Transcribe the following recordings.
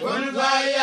kun fay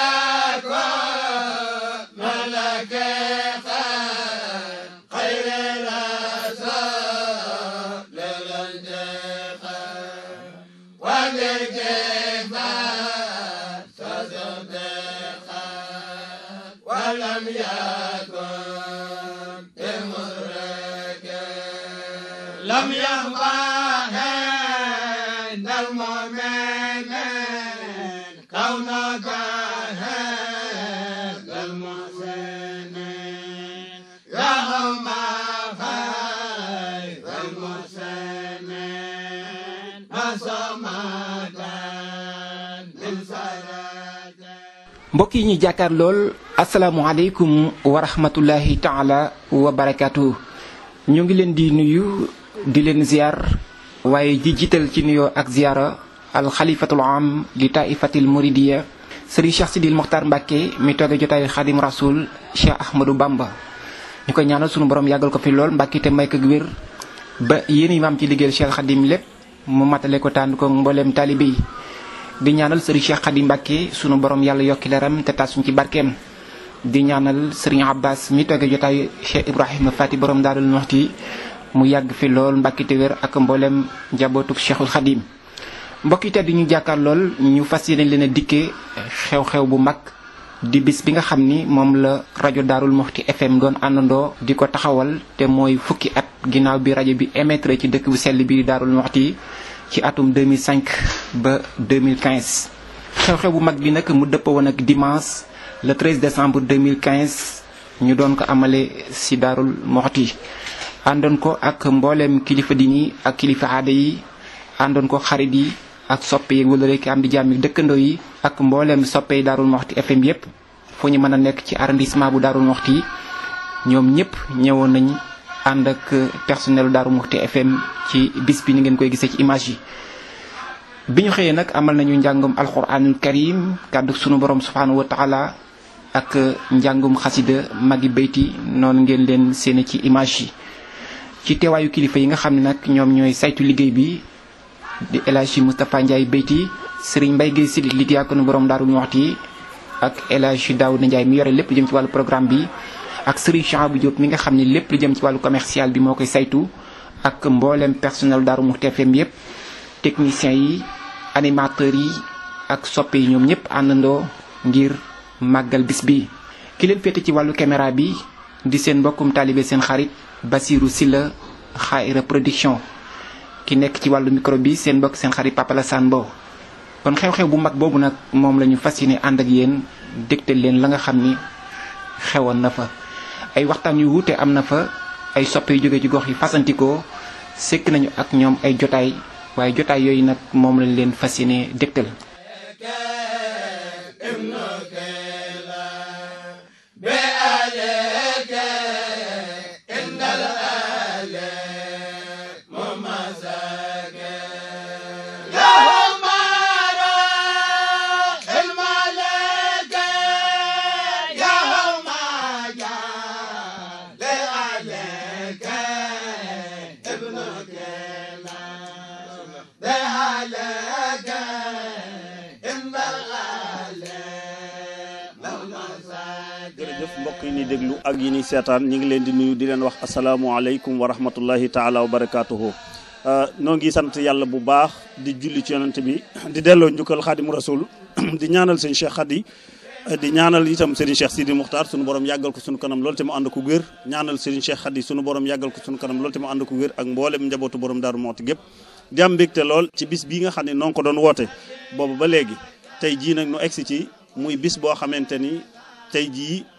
mbokk yi ñuy jàkkaar lool asalaamualeykum wa rahmatullahi taala wa barakaatu. ñu ngi leen di nuyu di leen ziar waaye di jiital ci nuyoo ak ziara alxalifatul am li taifatil muridiya sëriñ Cheikh Sidil Mokhtar Mbacke mi tooge jotaayu xadim rasul Cheikh Ahmadou Bamba. ñu koy ñaanal sunu borom yàggal ko fi lool Mbacke te may ko wér ba yéen yi maam ci liggéeyal Cheikh Xadim lépp mu matale ko tànn ko mbooleem taalibe yi di ñaanal sëriñ Cheikh Khady Mbacke sunu borom yàlla yokki leeram te taasuñ ci barkeem di ñaanal sëriñ Abbas mi toogee jotaayu Cheikh Ibrahima Fati boroom Daarul Muxti mu yàgg fi lool Mbacke te wér ak mboolem njabootug Cheikhul Khadim mbokk yi tedd ñu jàkkaar lool ñu fas yéene leen dikkee xew-xew bu mag di bis bi nga xam ni moom la rajo Daarul Muxti FM doon àndandoo di ko taxawal te mooy fukki at ginnaaw bi rajo bi émettre ci dëkk bu sell bi di Daarul Muxti ci atum 2005 ba 2015 xew-xew bu mag bi nag mu dëpp woon ak dimanche le 13 décembre 2015 ñu doon ko amale si Daarul Moxti àndoon ko ak mbooleem kilifa dini ak kilifa aada yi àndoon ko xarit yi ak soppe yi wala rek am di jàmmi dëkkandoo yi ak mbooleem soppe yi Daarul Moxti FM yépp foo ñu mën a nekk ci arrondissement bu Daarul Moxti yi ñoom ñëpp ñëwoon nañ ànd ak personnelu Daaru Muxti FM ci bis bi ni ngeen koy gisee ci image yi bi ñu xëyee nag amal nañu njàngum alxuraanul karim kàddu sunu borom subhaanahu wa taala ak njàngum xasida magi bayti noonu ngeen leen séene ci image yi ci teewaayu kilifa yi nga xam ne nag ñoom ñooy saytu liggéey bi di El Hadji Moustapha Ndiaye sëriñ Serigne Mbaye Guèye Sidi ko ak borom Daaru Muxti ak El Hadji Daouda njaay mi yore lépp jëm ci wàllu programme bi ak Serigne Chambou jot mi nga xam ne lépp lu jëm ci wàllu commercial bi moo koy saytu ak mboolem personnel Darou Mouhty FM yëpp techniciens yi animateurs yi ak soppe yi ñoom ñëpp àndandoo ngir màggal bis bi. ki leen féete ci wàllu caméra bi di seen mbokkum taalibe seen xarit basiiru Silla Xaira production ki nekk ci wàllu micro bi seen mbokk seen xarit Papa Lassane kon xew-xew bu mag boobu nag moom lañu ñu fas yéene ànd ak yéen dégte leen la nga xam ni xewoon na fa. ay waxtaan yu wute am na fa ay soppe yu jóge ci gox yi fasantikoo sekk nañu ak ñoom ay jotaay waaye jotaay yooyu nag moom lañ leen fas yéene dégtal ñuy déglu ak yi ñuy seetaan ñu ngi leen di nuyu di leen wax asalaamualeykum wa rahmatullahi taala wa barakaatuhu euh, noo ngi sant yàlla bu baax di julli ci yonent bi di delloo njukkal xaadimu rasul di ñaanal seen cheikh xadi di ñaanal itam Serigne Cheikh Sidi Muxtaar suñu borom yàggal ko suñu kanam loolu te mu ànd ko wér ñaanal Serigne Cheikh Khady suñu borom yàggal ko suñu kanam loolu te mu ànd ko wér ak mboolem njabootu borom Daaru Muxti gépp di am mbégte lool ci ne noo ko doon woote ba léegi tey jii nag nu egsi ci muy bis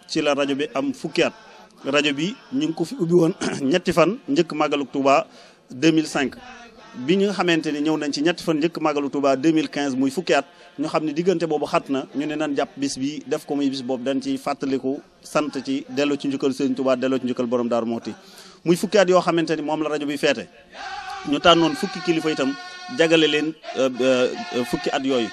ci la rajo bi am fukki at rajo bi ñu ngi ko fi ubbi woon ñetti fan njëkk màggalu Touba 2005 bi ñu nga xamante ni ñëw nañ ci ñetti fan njëkk màggalu Touba 2015 muy fukki at ñu xam ne diggante boobu xat na ñu ne nan jàpp bis bi def ko muy bis boobu dañ ci fàttaliku sant ci delloo ci njukkal Serigne Touba delloo ci njukkal borom Daaru Muxti muy fukki at yoo xamante ni moom la rajo bi feete ñu tànnoon fukki kilifa tam jagale leen euh, euh, fukki at yooyu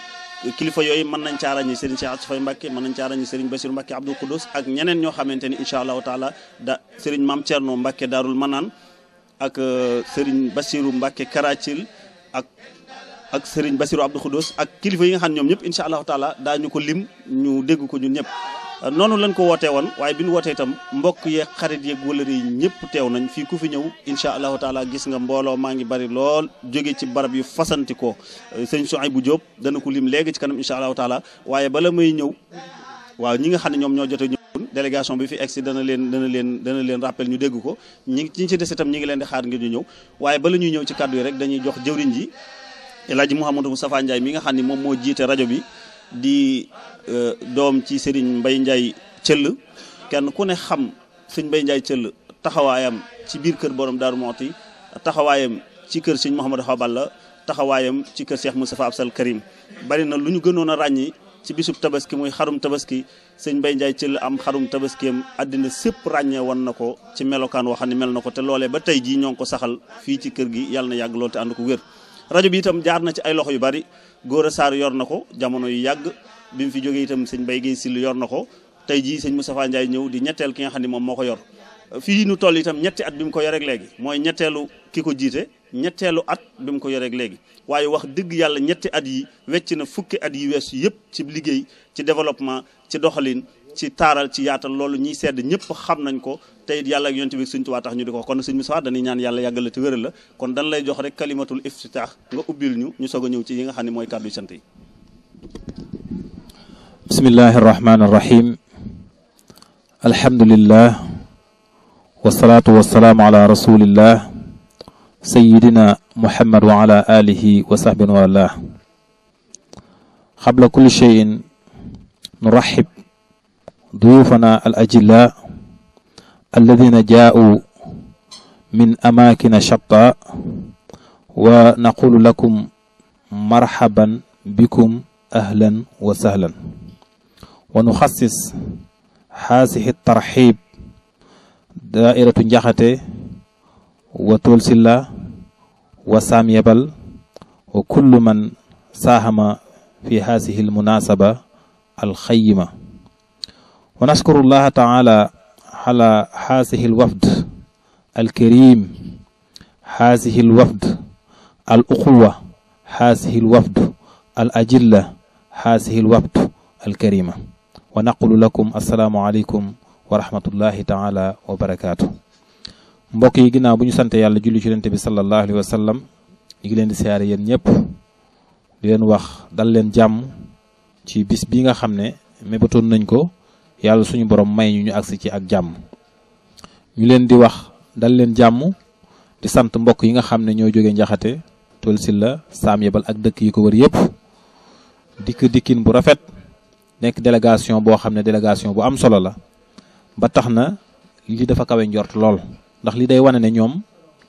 kilifa yooyu mën nañ caa ràññee Serigne Cheikh Atou Faye Mbacke mën nañ caa ràññee Serigne Bassirou Mbacke Abdou Khoudous ak ñeneen ñoo xamante ni incha allahu taala da Serigne Mame Thierno Mbacke Darul Manaan ak euh, Serigne Bassirou Mbacke Karathil ak ak Serigne Bassirou Abdou Khoudous ak kilifa yi nga xam ñoom ñëpp incha allahu taala daañu ko lim ñu dégg ko ñun ñëpp. Euh, noonu lañ ko wootee woon waaye bi ñu wootee itam mbokk yee xarit yeeg wëlër yi ñëpp teew nañ fi ku fi ñëw incha allahu taala gis nga mbooloo maa ngi bari lool jóge ci barab yu fasanti ko euh, sëñ bu Diop dana ko lim léegi ci kanam incha allahu taala waaye bala may ñëw waaw ñi nga xam ne ñoom ñoo jote ñëwoon délégation bi fi egsi dana leen dana leen dana leen rappel ñu dégg ko ñi ñi ci des itam ñi ngi leen di xaar ngir ñu ñëw waaye bala ñuy ñëw ci kàddu yi rek dañuy jox jëwriñ ji El Hadji Mouhamadou Moustapha Ndiaye mi nga xam ne moom moo jiite bi di Euh, doom ci Serigne mbay Ndiaye Thiel kenn ku ne xam sëñ Mbaye Ndiaye Thiel taxawaayam ci biir kër borom Darou Mouhty taxawaayam ci kër sëñ Mouhamadou Xaballa taxawaayam ci kër Cheikh Moustapha Absal Karim bari na lu ñu gënoon a ràññi ci bisub tabaski muy xarum tabaski sëñ mbay Ndiaye Thiel am xarum tabaskiyam àddina sëpp ràññee woon na ko ci melokaan waxam ne mel na ko te loolee ba tey jii ñoo ngi ko saxal fii ci kër gi yàlla na yàgg lool te ànd ko wér rajo bi itam jaar na ci ay loxo yu bari góor a saar yor bi mu fi jógee itam sëñ Baye Guèye Syll yor na ko tey jii sëñ Moustapha Ndiaye ñëw di ñetteel ki nga xam ne moom moo ko yor fii nu toll itam ñetti at bi mu ko yoreeg léegi mooy ñetteelu ki ko jiite ñetteelu at bi mu ko yoreeg léegi waaye wax dëgg yàlla ñetti at yi wecc na fukki at yi wees yëpp ci liggéey ci développement ci doxalin ci taaral ci yaatal loolu ñiy sedd ñëpp xam nañ ko tey it yàlla ak yonent bi Sëñ Tuubaa tax ñu di ko kon Sëñ Musaa dañuy ñaan yàlla yàggal la te la kon dañ lay jox rek kalimatul iftitaax nga ubbil ñu ñu soog a ñëw ci yi nga xam ne mooy kàddu sant bismillahi irrahmani irrahim alhamdulillah wasalaatu wasalaamu ala rasulillah sayidina muhammad wa ala alihi wa sahbin walah xabla kulli cheyin nuraxib duyufana al ajilla alladina jaau min amakina shatta wa naqulu lakum marxaban bikum ahlan wa sahlan ونخصص حاسه الترحيب دائرة جحتي وتول سلا وسام يبل وكل من ساهم في هذه المناسبة الخيمة ونشكر الله تعالى على هذه الوفد الكريم هذه الوفد الأخوة هذه الوفد الأجلة هذه الوفد الكريمة wa naqulu lakum asalaamualeykum wa rahmatullahi taala wa mbokk yi ginnaaw bu ñu sant yàlla julli ci yonent bi sallallahu alayhi wa sallam ñu ngi leen di siyaare yéen ñëpp di leen wax dal leen jàmm ci bis bi nga xam ne mébatoon nañ ko yàlla suñu borom may ñu ñu agsi ci ak jàmm ñu leen di wax dal leen jàmm di sant mbokk yi nga xam ne ñoo jóge njaxate tol si la saam yebal ak dëkk yi ko wër yëpp dikk dikkin bu rafet nekk délégation boo xam ne délégation bu am solo la ba tax na li dafa kawe njort lool ndax li day wane ne ñoom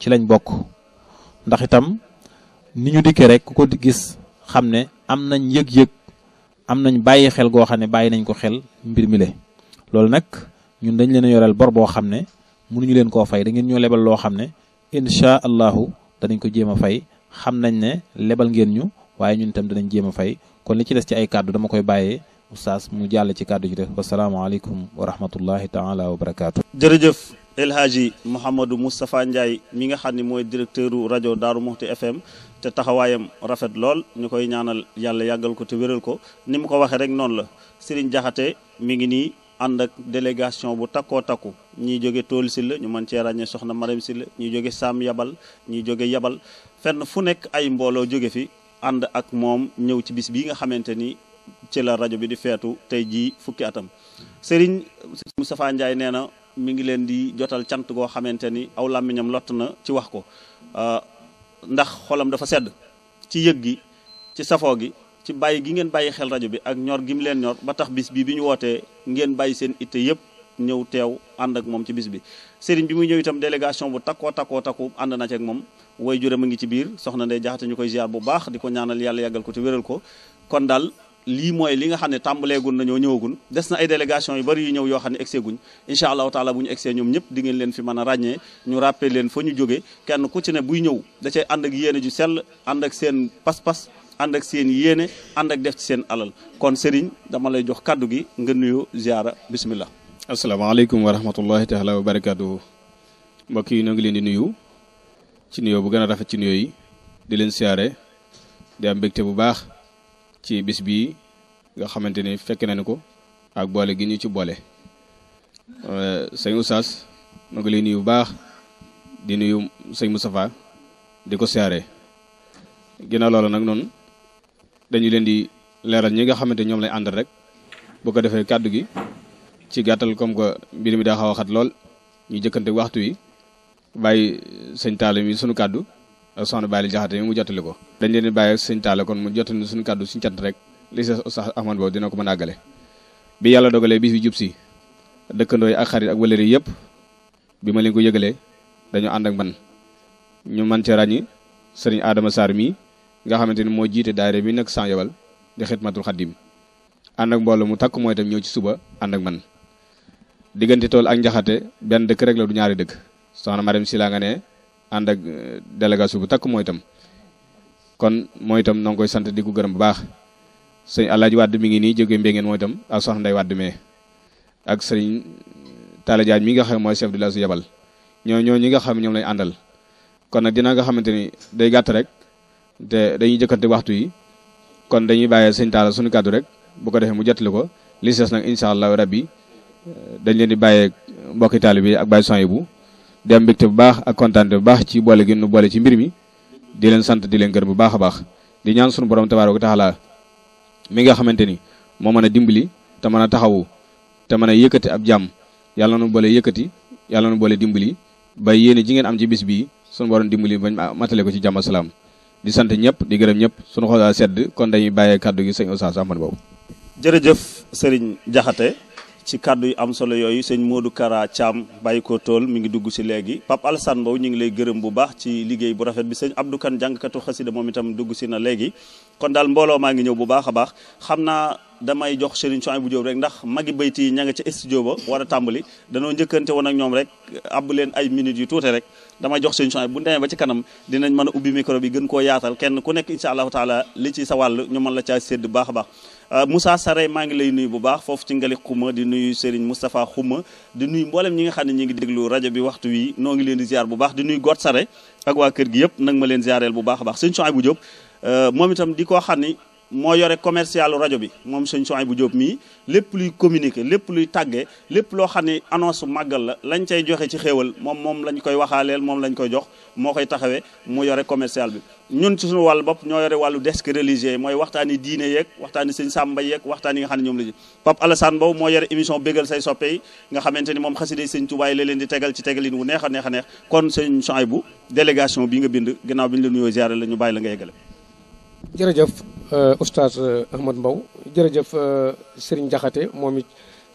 ci lañ bokk ndax itam ni ñu dikkee rek ku ko gis xam ne am nañ yëg-yëg am nañ bàyyi xel goo xam ne bàyyi nañ ko xel mbir mi le loolu nag ñun dañ leen a yoreel bor boo xam ne mënuñu leen koo fay da ngeen ñoo lebal loo xam ne incha allahu danañ ko jéem a fay xam nañ ne lebal ngeen ñu waaye ñun itam danañ jéem a fay kon li ci des ci ay kàddu oustaz mu jàll ci kàddu ji def wasalaamaaleykum wa rahmatullahi taala wa barakaatu. jërëjëf El Hadji Mouhamadou Moustapha mi nga xam ni mooy directeur rajo Daaru Muxti FM te taxawaayam rafet lool ñu koy ñaanal yàlla yàggal ko te wéral ko ni mu ko waxee rek noonu la Serigne Jaxate mi ngi nii ànd ak délégation bu takkoo takku ñiy jóge tool si ñu man cee ràññee soxna Marème si la ñiy jóge Sam Yabal ñiy jóge Yabal fenn fu nekk ay mbooloo jóge fi ànd ak moom ci la rajo bi di feetu tey jii fukki atam sëriñ Moustapha Ndiaye nee na mi ngi leen di jotal cant goo xamante ni aw làmmiñam lott na ci wax ko euh, ndax xolam dafa sedd ci yëg gi ci safoo gi ci bàyyi gi ngeen bàyyi xel rajo bi ak ñor gi mu leen ñor ba tax bis bi bi ñu wootee ngeen bàyyi seen itte yëpp ñëw teew ànd ak moom ci bis bi sëriñ bi muy ñëw itam délégation bu takkoo takkoo takku ànd na ci ak moom way jure mu ngi ci biir soxna Ndey Jaxate ñu koy bu baax di ko ñaanal yàlla yàggal ko te wéral ko lii mooy li nga xam ne tàmbaleegun nañoo ñëwagun des na ay délégation yu bari yu ñëw yoo xam ne egsee guñ incha allahu taala bu ñu egsee ñoom ñëpp di ngeen leen fi mën a ràññee ñu rappel leen foo ñu jógee kenn ku ci ne buy ñëw da cay ànd ak yéene ju sell ànd ak seen pas-pas ànd ak seen yéene ànd ak def ci seen alal kon Serigne dama lay jox kàddu gi nga nuyoo ziara bismillah asalaamaaleykum wa rahmatullahi taala wa barakaatu mbokk yi ñoo ngi leen di nuyu ci nuyoo bu gën a rafet ci nuyoo yi di leen siyaare di bu baax ci bis bii nga xamante ni fekk nañu ko ak boole gi ñu ci boole euh, sëñ Oustaz ma ngi lay nuyu bu baax di nuyu sëñ Moustapha di ko siyaare ginnaaw loolu nag noonu dañu leen di leeral ñi nga xamante ñoom lay àndal rek boo ko defee kàddu gi ci gàttal comme que mbir mi daa xaw a xat lool ñu jëkkante waxtu wi bàyyi sëñ Talla mi sunu kàddu soxna Baali Jaxate mi mu jottali ko dañ leen di bàyyi sëñ Talla kon mu jottali suñu kàddu suñ cant rek li sa Oustaz Ahmad boobu dina ko mën a bi yàlla dogalee bis bi jub si dëkkandoo yi ak xarit ak wëlëri yëpp bi ma leen ko yëgalee dañoo ànd ak man ñu man ci ràññi sëriñ aadama Sarr mii nga xamante ni moo jiite daayira bi nag sans yobal di xidmatul xaddim ànd ak mbooloo mu takk mooy itam ñëw ci suba ànd ak man diggante tool ak njaxate benn dëkk rek la du ñaari dëkk soxna Mariam si ànd ak euh, délégation bu takk mooy itam kon mooy itam noo ngi koy sant di ko gërëm bu baax sëñ Alaaji Wàdd mi ngi nii jógee Mbéngeen mooy itam ak soxna Ndey Wàdd mee ak sëñ Talla Diagne mi nga xam mooy chef de la su yabal ñoo ñoo ñi nga xam ñoom lañ àndal kon nag dina nga xamante ni day gàtt rek te dañuy jëkkante waxtu yi kon dañuy bàyyee sëñ Talla suñu kàddu rek bu ko defee mu jottali ko li des nag incha allah rabbi dañ leen di mbokki taalibe bi ak bàyyi son yi di am mbégte bu baax ak kontaante bu baax ci boole gi nu boole ci mbir mi di leen sant di leen gër bu baax a baax di ñaan sunu borom tabaaraka taala mi nga xamante ni moo mën a dimbali te mën a taxawu te mën a yëkkati ab jàmm yàlla nu boole yëkkati yàlla nu boole dimbali ba yéene ji ngeen am ci bis bii sunu borom dimbali ba matale ko ci jàmm salaam di sant ñëpp di gërëm ñëpp sunu xol sedd kon dañuy bàyyee kàddu gi sëñ Oustaz Ahmad boobu. jërëjëf ci kàddu yi am solo yooyu sëñ Modou Kara Thiam bàyyi ko tool mi ngi dugg si léegi Pape Alassane Mbow ñu ngi lay gërëm bu baax ci liggéey bu rafet bi sëñ Abdou Kane jàngkatu xasida moom itam dugg si na léegi kon daal mbooloo maa ngi ñëw bu baax a baax xam naa damay jox Serigne Soin bu Diop rek ndax magi bayti yi ña nga ca studio ba war tàmbali danoo njëkkante woon ak ñoom rek àbb leen ay minutes yu tuute rek damay jox Serigne Soin bu demee ba ci kanam dinañ mën a ubbi micro bi gën koo yaatal kenn ku nekk incha taala li ci sa wàll mën la caa sédd baax a baax Euh, Moussa Saré maa ngi lay nuyu bu baax foofu ci Ngali Xuma di nuyu Serigne Moustapha Xuma di nuyu mboolem ñi nga xam ne ñi ngi déglu rajo bi waxtu wi noo ngi leen di ziar bu baax di nuy Got Saré ak waa kër gi yëpp nag ma leen ziareel bu baax a baax sëñ bu Diop euh, moom itam di koo xam ni moo yore commercial rajo bi moom sëñ Souhaïbou Diop mii lépp luy communiqué lépp luy tàggee lépp loo xam ne annonce màggal la lañ cay joxe ci xéewal moom moom lañ koy waxaaleel moom lañ koy jox moo koy taxawee mu yore commercial bi ñun ci suñu wàllu bopp ñoo yore wàllu desk religieux yi mooy waxtaani diine yeeg waxtaani sëñ Samba yeeg waxtaan yi nga xam ne ñoom la ji Pape Alassane Mbow moo yore émission bégal say soppe yi nga xamante ni moom xasida sëñ Tuubaa yi la leen di tegal ci tegalin wu neex a neex a neex bi nga bind ginnaaw bi ñu la nuyoo ziyaare la ñu la nga yeggale jërëjëf euh, oustaz euh, Ahmad Mbow jërëjëf euh, Serigne Jaxate moom it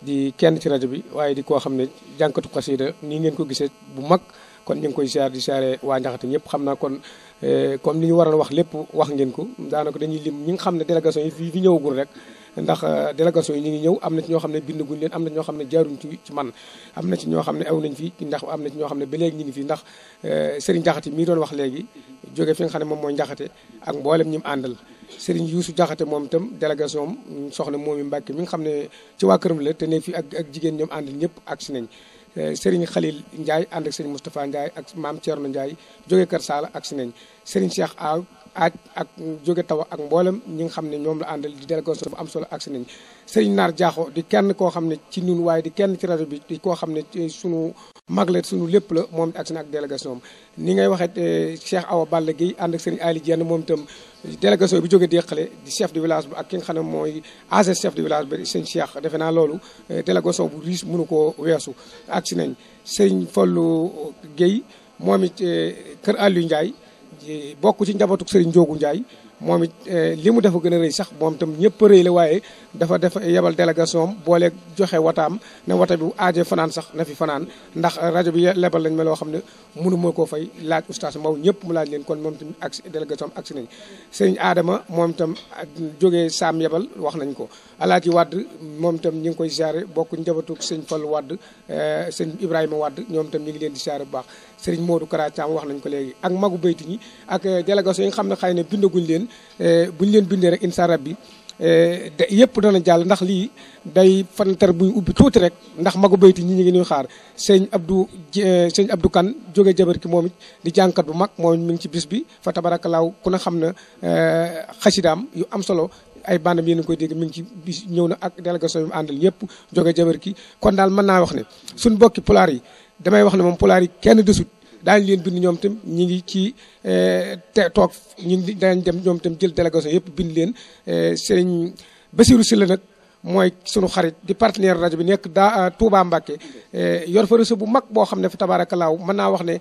di kenn ci rajo bi waaye di koo xam ne jànkatu xasida nii ngeen ko gisee bu mag kon ñu ngi koy siyaar di siyaare waa Njaxate ñëpp xam naa kon comme li ñu waroon wax lépp wax ngeen ko daanaka dañuy lim ñi nga xam ne délégation yi fii fi ñëwagul rek ndax euh, délégation yi ñu ngi ñëw am na ci ñoo xam ne bindaguñ leen am na ñoo xam ne jaaruñ ci man am na ci ñoo xam ne aw nañ fi ndax am na ñoo xam ne ba léegi ñu ngi fi ndax euh, Serigne Jaxate mii doon wax léegi jóge fi nga xam ne moom mooy njaxate ak mboolem ñi mu àndal Serigne Youssou Jaxate moom itam délégation am soxna moomi Mbàkke mi nga xam ne ci waa këram la te ne fii ak ak jigéen ñoom àndal ñëpp agsi nañ euh, Serigne Khalil Ndiaye ànd ak Serigne Moustapha Ndiaye ak maam Thierno Ndiaye jóge Kër Saala agsi nañ Serigne Cheikh Aw ak ak jóge tawa ak mboolem ñi nga xam ne ñoom la àndal di délégation bu am solo ak si nañ Serigne Naar Diakho di kenn koo xam ne ci ñun waaye kenn ci rajo bi koo xam ne sunu mag la sunu lépp la moom ak ak délégation ni ngay waxee eh, Cheikh Awa Balla Guèye ànd ak Serigne Ali Dieng moom itam délégation bi jóge Dexële di chef de village bi ak ki nga xam ne mooy AG chef de village bi sëñ Cheikh defe naa loolu eh, délégation bu riche mënu koo weesu ak si nañ Serigne Fallou Guèye moom it eh, kër Aliou Ndiaye bokk ci njabootu Serigne Ndiogou Ndiaye moom it eh, li mu dafa gën a rëy sax moom itam ñëpp a rëy la waaye dafa def yebal délégation am boole joxe wataam ne wata bu aaje fanaan sax na fi fanaan ndax rajo bi lebal lañ ma loo xam ne mënu koo fay laaj oustaz Mbow ñëpp mu laaj leen kon moom tam ak délégation am nañ sëriñ aadama moom itam jóge saam yebal wax nañ ko alaaji Wadd moom itam ñi ngi koy siyaare bokk njabootu sëñ Fall Wadd eh, sëñ Ibrahima Wadd ñoom tam ñi ngi leen di siyaare bu baax Serigne Modou Kara Thiam wax nañ ko léegi ak magu bayti ñi ak eh, délégation yi xam ne xëy na bindaguñ leen eh, buñ leen bindee rek insa rabbi eh, da yëpp dana jàll ndax lii day fantar buy ubbi tuuti rek ndax magu bayti ñi ñu ngi ñuy xaar sëñ Abdou sëñ Abdou Kane jóge jabar ki moom it di jànkat bu mag moom it mi ngi ci bis bi fa tabarakalaaw ku ne xam na xasidaam yu am solo ay bandam yéen a koy dégg mi ngi ci ñëw na ak délégation yu mu àndal yëpp jóge jabar ki kon daal mën naa wax ne suñ bokki pulaar yi damay wax ne moom pulaar yi kenn desut daañu leen bind ñoom tam ñi ngi ci eh, te toog ñu ngi daañ dem ñoom tam jël délégation yëpp bind leen eh, sëriñ Basiru Sylla nag mooy sunu xarit di partenaire rajo bi nekk daa eh, Touba Mbacké yor fa réseau bu mag boo xam ne fa tabaarakallaaw mën naa wax ne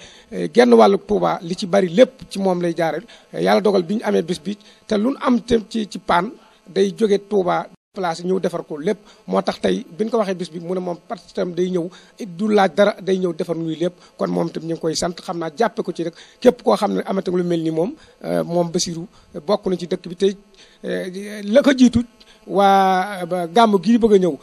genn wàllu Touba li ci bari lépp ci moom lay jaare yàlla dogal bi ñu amee bis bi te lu am tam ci ci paan day jóge Touba place ñëw defar ko lépp moo tax tey bi ñu ko waxee bis bi mu ne moom parce que day ñëw du laaj dara day ñëw defar ñuy lépp kon moom tam ñu ngi koy sant xam naa jàppe ko ci rek képp koo xam ne amati lu mel ni moom euh, moom Basiru euh, bokk na ci dëkk bi tey euh, la ko jiitu waa gàmm gii bëgg a ñëw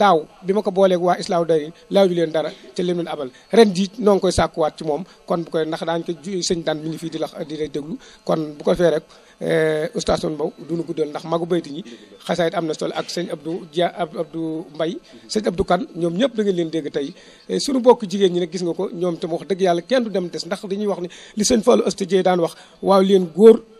daaw bi ma ko booleeg waa islaaw day laaju leen dara ca lim leen abal ren jii noo koy sàkkuwaat ci moom kon bu koy ndax daañ ko sëñ daan mi ngi fii di la di lay déglu kon bu ko fee rek eh, oustaz Sone Mbow duñu guddal ndax magu bayti ñi xasaayit am na solo ak sëñ Abdou Dia mbay Mbaye sëñ Abdou kan ñoom ñëpp da ngeen leen dégg tey eh, suñu bokk jigéen ñi ne gis nga ko ñoom tam wax dëgg yàlla kenn du dem des ndax dañuy wax ne li sëñ Fallou Astou Dieye daan wax waaw leen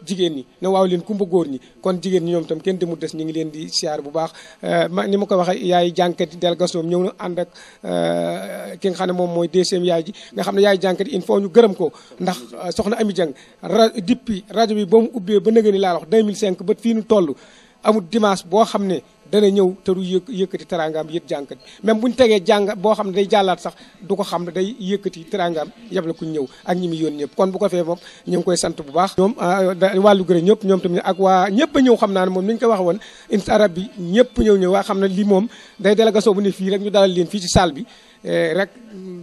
jigéen ñi ne waaw leen kumba góor ñi kon jigéen ñi ñoom tam kenn demul des ñu ngi leen di siyaar bu baax euh, ma ni ma ko waxee yaay jànkati délégation ñëw na ànd ak euh, ki xam ne moom mooy deuxième yaay ji nga xam ne yaay jànkati il faut ñu gërëm ko ndax euh, soxna Ami Dieng ra dippi rajo bi ba mu ubbee ba nëgëni laa mille 2005 ba fii nu toll amul dimaas boo xam ne dana ñëw te du yë yëkkati teraangaam yëg jàngkat bi bu ñu tegee jàng boo xam ne day jàllaat sax du ko xam ne day yëkkati teraangaam yab la ku ñëw ak ñi mu yóon ñëpp kon bu ko fee moom ñu ngi koy sant bu baax ñoom ah, wàllu gërëm ñëpp ñoom tamit ak waa ñëpp a ñëw xam naa ne moom ni ko wax woon insa arab bi ñëpp ñëw ñëw waa xam ne lii moom day délégation bu ne fii rek ñu dalal leen fii si salle bi Eh, rek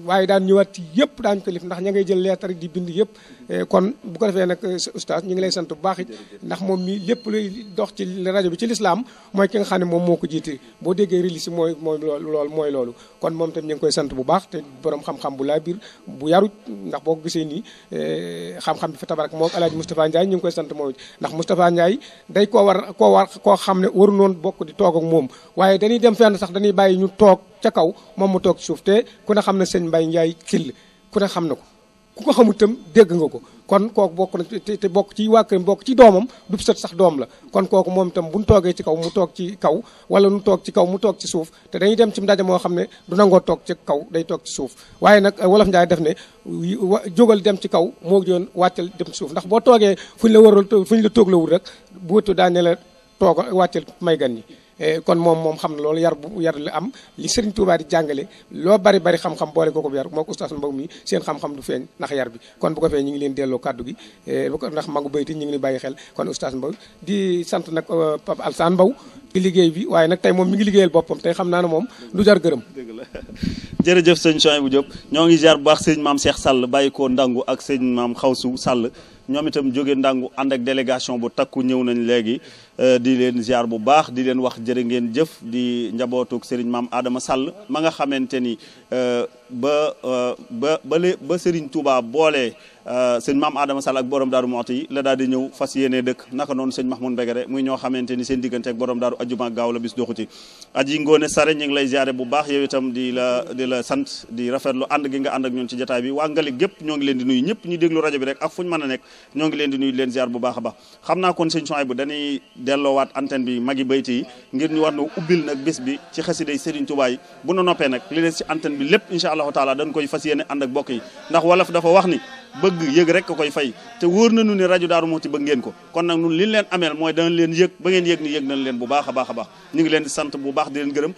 waaye daan ñëwaat yëpp daan ko lif ndax ña ngay jël leetar di bind yëpp eh, kon bu ko defee nag eh, oustaz ñu ngi lay sant bu baax it ndax moom mii lépp luy dox ci rajo bi ci lislaam mooy ki nga xam ne moom moo ko jiite boo déggee relisi mooy mooy loolu mooy loolu kon moom tam ñu ngi koy sant bu baax te boroom xam-xam bu laa biir bu yarut ndax boo ko gisee nii xam-xam bi fa tabarak moom alaaji Moustapha Ndiaye ñu ngi koy sant moom ndax Moustapha Ndiaye day koo war koo war koo xam ne waru noon bokk di toog ak moom waaye dañuy dem fenn sax dañuy bàyyi ñu toog ca kaw moom mu toog suuf te ku ne xam ne sëñ Mbaye Ndiaye kill ku ne xam na ko ku ko xamul itam dégg nga ko kon kooku bokk na te bokk ci waa këram ci doomam du sët sax doom la kon kooku moom itam bu ñu toogee ci kaw mu toog ci kaw wala nu toog ci kaw mu toog ci suuf te dañuy dem ci ndaje moo xam ne du nangoo toog ci kaw day toog ci suuf waaye nag wolof Njaay def ne jógal dem ci kaw moo joon wàccal dem suuf ndax boo toogee fu ñu la waral fu ñu la tooglawul rek bu wëttu daa ne toog wàccal may gan yi Eh, kon moom moom xam na loolu yar bu yar la am li Serigne Touba di jàngale loo bari bari xam-xam boole ko ko yar moo ko oustaz mbaw mi seen xam-xam du feeñ ndax yar bi kon bu ko feeñ ñu ngi leen delloo kàddu gi eh, ndax magu bayti ñu ngi bàyyi xel kon oustaz Mbow di sant nag euh, Pape Alsane Mbow liggéey bi waaye nag tey moom mi ngi liggéeyal boppam tey xam naa ne moom du jar gërëm jërëjëf sëñ bu Diop ñoo ngi ziar bu baax sëñ maam seex sàll bàyyi ko ndangu ak sëñ maam Xawsu Sall ñoom itam jóge ndangu ànd ak délégation bu takku ñëw nañ léegi Euh, di leen ziar bu baax di leen wax jërë ngeen jëf di njabootuk sëriñ maam Adama Sall ma nga xamante ni euh, ba euh, ba ba le ba sëriñ Touba boole sëñ maam Adama Sall ak borom daaru Moxti yi la daal ñëw fas yenee dëkk naka noonu sëñ Mahmoud Mbegere muy ñoo xamante ni seen diggante ak borom daaru ajuma gaaw la bis doxu ci aji ngoone sare ñu ngi lay ziare bu baax yow itam di la la sant di rafet lu ànd gi nga ànd ak ñun ci jotaay bi waa Ngalik gépp ñoo ngi leen di nuyu ñëpp ñu déglu rajo bi rek ak fu a nekk ñoo ngi leen di nuyu leen ziar bu baax a baax delloowaat antenne bi yi bayti yi ngir ñu war na ubbil nag bés bi ci xasiday Serigne Touba yi bu nu noppee nag li des ci antenne bi lépp incha allahu taala dañ koy fas yéene ànd ak bokk yi ndax wolof dafa wax ni bëgg yëg rek ko koy fay te na nu ne rajo Daaru Muxti bëgg ngeen ko kon nag nun li leen ameel mooy danañ leen yëg ba ngeen yëg ni yëg nañ leen bu baax a baax a baax ñu ngi leen di sant bu baax di leen gërëm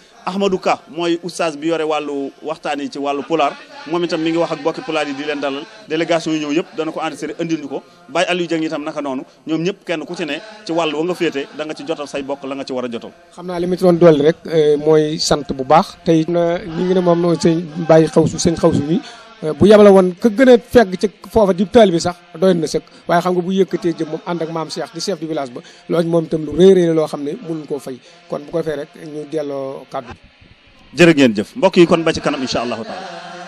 Ka mooy oustaz bi yore wàllu waxtaan yi ci wàllu pulaar moom itam mi ngi wax ak bokki pulaar yi di leen dalal délégation yi yëpp dana ko enregistré indil ñu ko Baye Aliou Dieng itam naka noonu ñoom ñëpp kenn ku ci ne ci wàllu wa nga féete nga ci jotal say bokk la nga ci war a jotal xam naa li ma ci doon dolli rek euh, sant bu baax tey na ñu ngi ne moom sëñ bàyyi xawsu sëñ xawsu bi bu yabale woon ka gën a fegg ci foofa di taalibe sax doy na sëkk waaye xam nga bu yëkkatee jëm moom ànd ak maam Cheikh di chef du village ba loolu moom itam lu rëy rëy loo xam ne mënuñ koo fay kon bu ko fee rek ñu delloo kàddu bi jërë ngeen jëf mbokk yi kon ba ci kanam incha allahu taala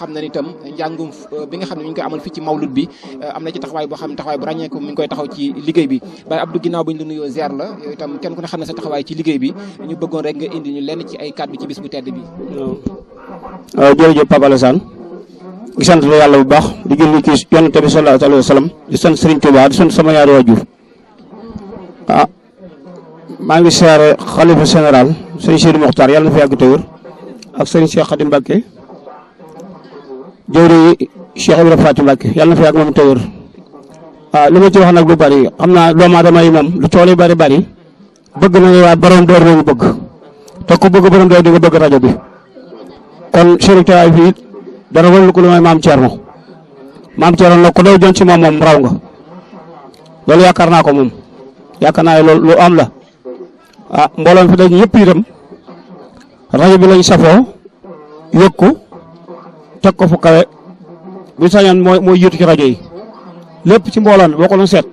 xam ne itam njàngum euh, bi nga xam ne mi ngi koy amal fii ci mawlud bi euh, am na ci taxawaay boo xam ne taxawaay bu ràññeeku mi ngi koy taxaw ci liggéey bi Baye Abdou ginnaaw bu ñu la nuyoo ziar la yow itam kenn ku ne xam ne sa taxawaay ci liggéey bi ñu bëggoon rek nga indi ñu lenn ci ay kàddu ci bis bu tedd bi waaw jërëjëf Papa Alassane di sant yàlla bu baax di julli ci yonent bi sallallahu alayhi wa sallam di sant Serigne Touba di sant sama ñaari waajur ah maa ngi siyaare xalifa général Serigne Sidi Mokhtar yàlla na fi yàgg te wër ak Serigne Cheikh Khadim Mbacké jëwri Cheikh Ibrahima Fatou Mbacke yàlla na fi yàgg moom te wér waaw ah, li ma ci wax nag lu bari am naa doomu aadama yi moom lu tool bari bari bëgg nañu waa borom door nañu bëgg te ku bëgg borom door di nga bëgg rajo bi kon Chérif Tawaay fii dara warul ko lu may maam Thierno maam Thierno nag ku doon jëm ci moom moom raw nga loolu yaakaar naa ko moom yaakaar naa loolu lu am la ah mbooloo fi dañ ñëpp itam rajo bi lañ safoo yëg ko teg ko fu kawe bu sañoon mooy mooy jiitu ci rajo yi lépp ci mboolaan mi boo ko seet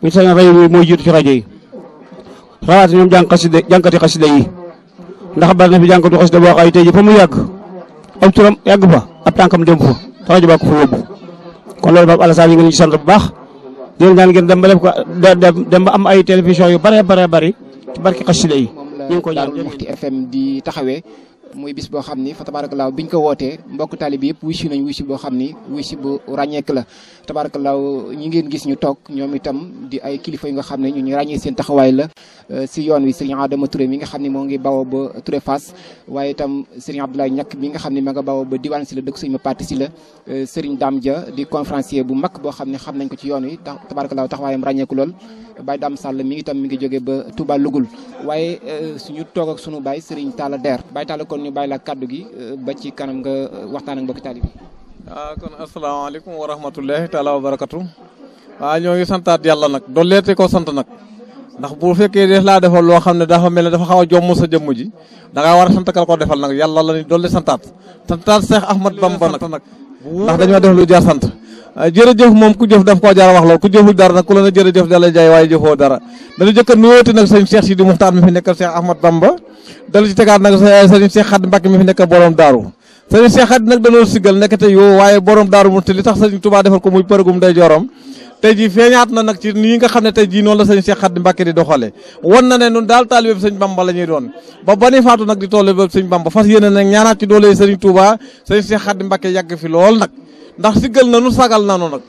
bu sañoon rajo bi mooy jiitu ci rajo yi rawaati ñoom jàng xasida jànkati xasida yi ndax bari na fi jànkatu xasida boo xam ne ji fa mu yàgg ab turam yàgg fa ab tànkam dem fa te rajo baa ko fa yóbbu kon loolu boobu Alassane ñu ngi leen ci sant bu baax di leen daan dem ba def ko dem ba am ay télévision yu bare bare bari ci barki xasida yi ñu ngi di taxawee muy bis boo xam ni fa tabarakalaaw biñ ko wootee mbokk taalib yëpp wuy si nañ wuy si boo xam ni wuy si bu ràññeek la tabarakalaaw ñi ngeen gis ñu toog ñoom itam di ay kilifa yi nga xam ne ñu ñu ràññee seen taxawaay la euh, si yoon wi sëriñ Adama Touré mi nga xam ne moo ngi bawoo ba Touré Fass waaye itam sëriñ Abdoulaye Ñakk mi nga xam ne ma nga bawoo ba diwaan si la dëkk suñu ma parti si la euh, sëriñ daam ja di conférencier bu mag boo xam ne xam nañ ko ci yoon wi tabarakalaaw taxawaayam ràññeeku lool Baye Dame Sall mi ngi tam mi ngi jógee ba Touba Lugul waaye euh, suñu toog ak suñu Baye sëriñ Talla Der Baye Talla kon ñu bàyyi la kàddu gi euh, ba ci kanam nga euh, waxtaan ak mbokki taalib yi. ah kon asalaamaaleykum wa rahmatullahi taala wa barakatu. waaw ñoo ngi santaat yàlla nag dolleete ko sant nag. ndax bu fekkee def laa defal loo xam ne dafa mel ne dafa xaw a jomm sa jëmm ji da ngaa war a sant kal ko defal nag yàlla la ni dolli santaat santaat Seex Ahmad Bamba nag ndax dañoo def lu jaar sant ah, jërëjëf moom ku jëf daf koo jaar wax lool ku jëful dara nag ku la na jërëjëf da lay jaay waaye jëfoo dara dañu jëkk a nuyooti nag sëñ Cheikh Sidi Muxtaar mi fi nekkal Seex Ahmad Bamba dalu ci tegaat nag sëriñ Cheikh Xadim Mbàkke mi fi nekk borom daaru sëriñ Cheikh Xadim nag danoo siggal nekk te yoo waaye borom daaru mu te li tax sëriñ Touba defal ko muy di doxale wan na ne nun daal taalibe sëñ Bamba la ñuy doon ba ba ni faatu nag di toll ba sëñ Bamba fas yéene nag ñaanaat ci doole sëriñ Touba sëriñ Cheikh Xadim Mbàkke yàgg fi lool nag ndax siggal na nu sagal na nu nag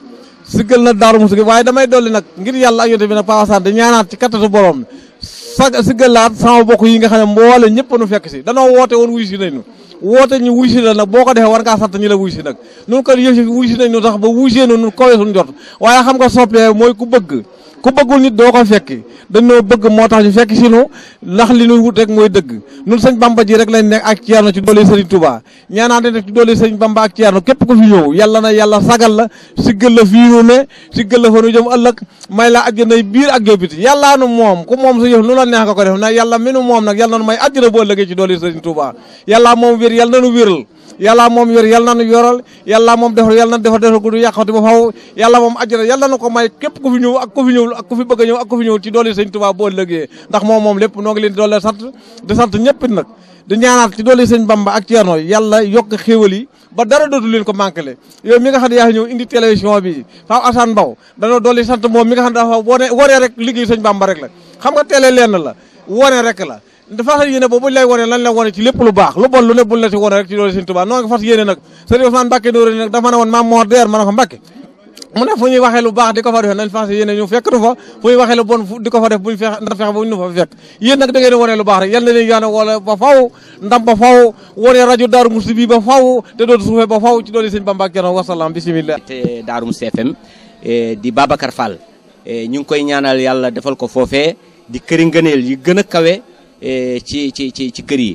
siggal na daaru mu waaye damay dolli nag ngir sag laat sama bokk yi nga xam ne mboole ñëpp nu fekk si danoo woote woon wuy si nañu woote ñu wuy si la nag boo ko defee war ngaa sant ñu la wuy si nag nun ko yëf wuy si nañu tax ba wuy see nu nun kawee suñu jot waaye xam nga soppee mooy ku bëgg ku bëggul nit doo ko fekki dañoo bëgg moo tax ñu fekk si nu ndax li ñu wut rek mooy dëgg ñun sëñ Bamba ji rek lañ nekk ak Ceerno ci doole sëriñ Touba ñaanaa de ci doole sëriñ Bamba ak Ceerno képp ku fi ñëw yàlla na yàlla sagal la si gëllë la fii ne si gël la fa nu jëm ëllëg may la àjjanay biir ak yow biti yàllaa nu moom ku moom sa yëf lu la neex nga ko def na yàlla mi nu moom nag yàlla nu may àjjana boo ëllëgee ci doole sëriñ Touba yàllaa moom wér yàlla nanu wéral yalla moom yor yal na nu yoral yalla moom defal yal na defal defal gudd yàqati ba faw yàlla moom àjjana yal na ko may képp ku fi ak ku fi ak ku fi bëgg a ñëw ak ku fi ñëwul ci doole sëñ Tuubaa boo ëllëgee ndax moom moom lépp noo ngi leen di doole sant di sant ñëpp nag di ñaanaat ci doole sëñ Bamba ak Ceerno yàlla yokk xéewal yi ba dara dootu leen ko manqué le yow mi nga xam ne yaa ñëw indi télévision bi faaw Assane Mbaw danoo doole sant moom mi nga xam ne dafa wone wone rek liggéey sëñ Bamba rek la xam nga télé lenn la wone rek la dafa fas yéene boobu buñ lay wone lan la wone ci lépp lu baax lu bon lu ne buñ la ci wone rek ci loolu Sëriñ Tuubaa noo ngi fas yéene nag Sëriñ Ousmane Mbacke Noreyni nag dafa ne woon maam moo deer ma ne ko Mbacke mu ne fu ñuy waxee lu baax di ko fa defee nañ fas yéene ñu fekkatu fa fu ñuy waxee lu bon di ko fa def buñ fekk yéen nag da ngeen wone lu baax rek yal na leen yàlla wala ba faw ndam ba faw rajo Daaru Muxti bi ba faw te dootu suufee ba faw ci doole Sëriñ Bamba ak wa salaam bismillah te Daaru Muxti FM eh, di Babacar Fall eh, ñu ngi koy ñaanal yàlla defal ko foofee di këri ngëneel yi gën a kawe Eh, ci ci ci ci kër yi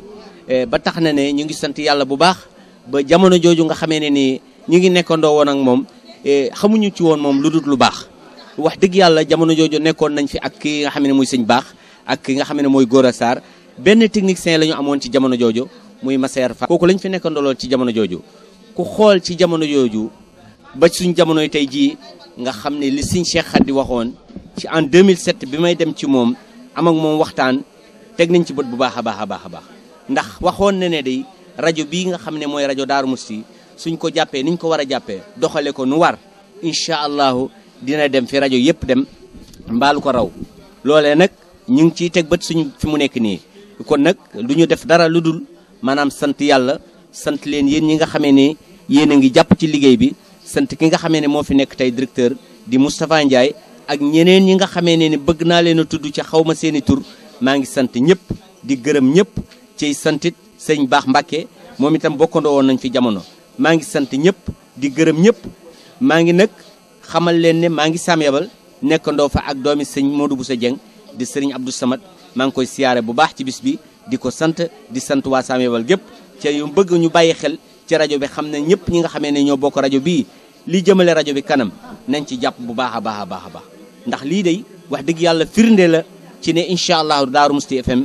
eh, ba tax na ne ñu ngi sant yàlla bu baax ba jamono jooju nga xamee ne nii ñu ngi nekkandoo woon ak moom eh, xamuñu ci woon moom lu dul lu baax wax dëgg yàlla jamono jooju nekkoon nañ fi ak ki nga xam ne muy sëñ baax ak ki nga xam ne mooy Gora Sarr benn technicien la ñu amoon ci jamono jooju muy Masseer Fa kooku lañ fi nekkandooloon ci jamono jooju ku xool ci jamono jooju ba suñ jamonoy tey jii nga xam ne li sëñ Cheikh di waxoon ci en bi may dem ci moom am ak waxtaan teg nañ ci bët bu baax a baax a baax a baax ndax waxoon na ne day rajo bii nga xam ne mooy rajo Darou Mouhty suñ ko jàppee niñ ko war a jàppee doxale ko nu war incha allahu dina dem fi rajo yëpp dem mbaalu ko raw loole nag ñu ngi ciy teg bët suñ fi mu nekk nii kon nag du ñu def dara lu dul maanaam sant yàlla sant leen yéen ñi nga xamee ne yéen a ngi jàpp ci liggéey bi sant ki nga xamee ne moo fi nekk tey directeur di Moustapha Ndiaye ak ñeneen ñi nga xamee ne bëgg naa leen a tudd ci xaw ma seen tur maa ngi sant ñëpp di gërëm ñëpp ci santit sëñ baax Mbàkke moom itam bokkandoo woon nañ fi jamono maa ngi sant ñëpp di gërëm ñëpp maa ngi nag xamal leen ne maa ngi saam nekkandoo fa ak doomi sëñ Modou sa Dieng di sëriñ Abdou Samad maa ngi koy siyaare bu baax ci bis bi di ko sant di sant waa saam yabal gépp ca yu bëgg ñu bàyyi xel ci rajo bi xam ne ñëpp ñi nga xamee ne ñoo bokk rajo bii li jëmale rajo bi kanam nañ ci jàpp bu baax a baax a baax a ndax ci ne incha allah Daaru Musti FM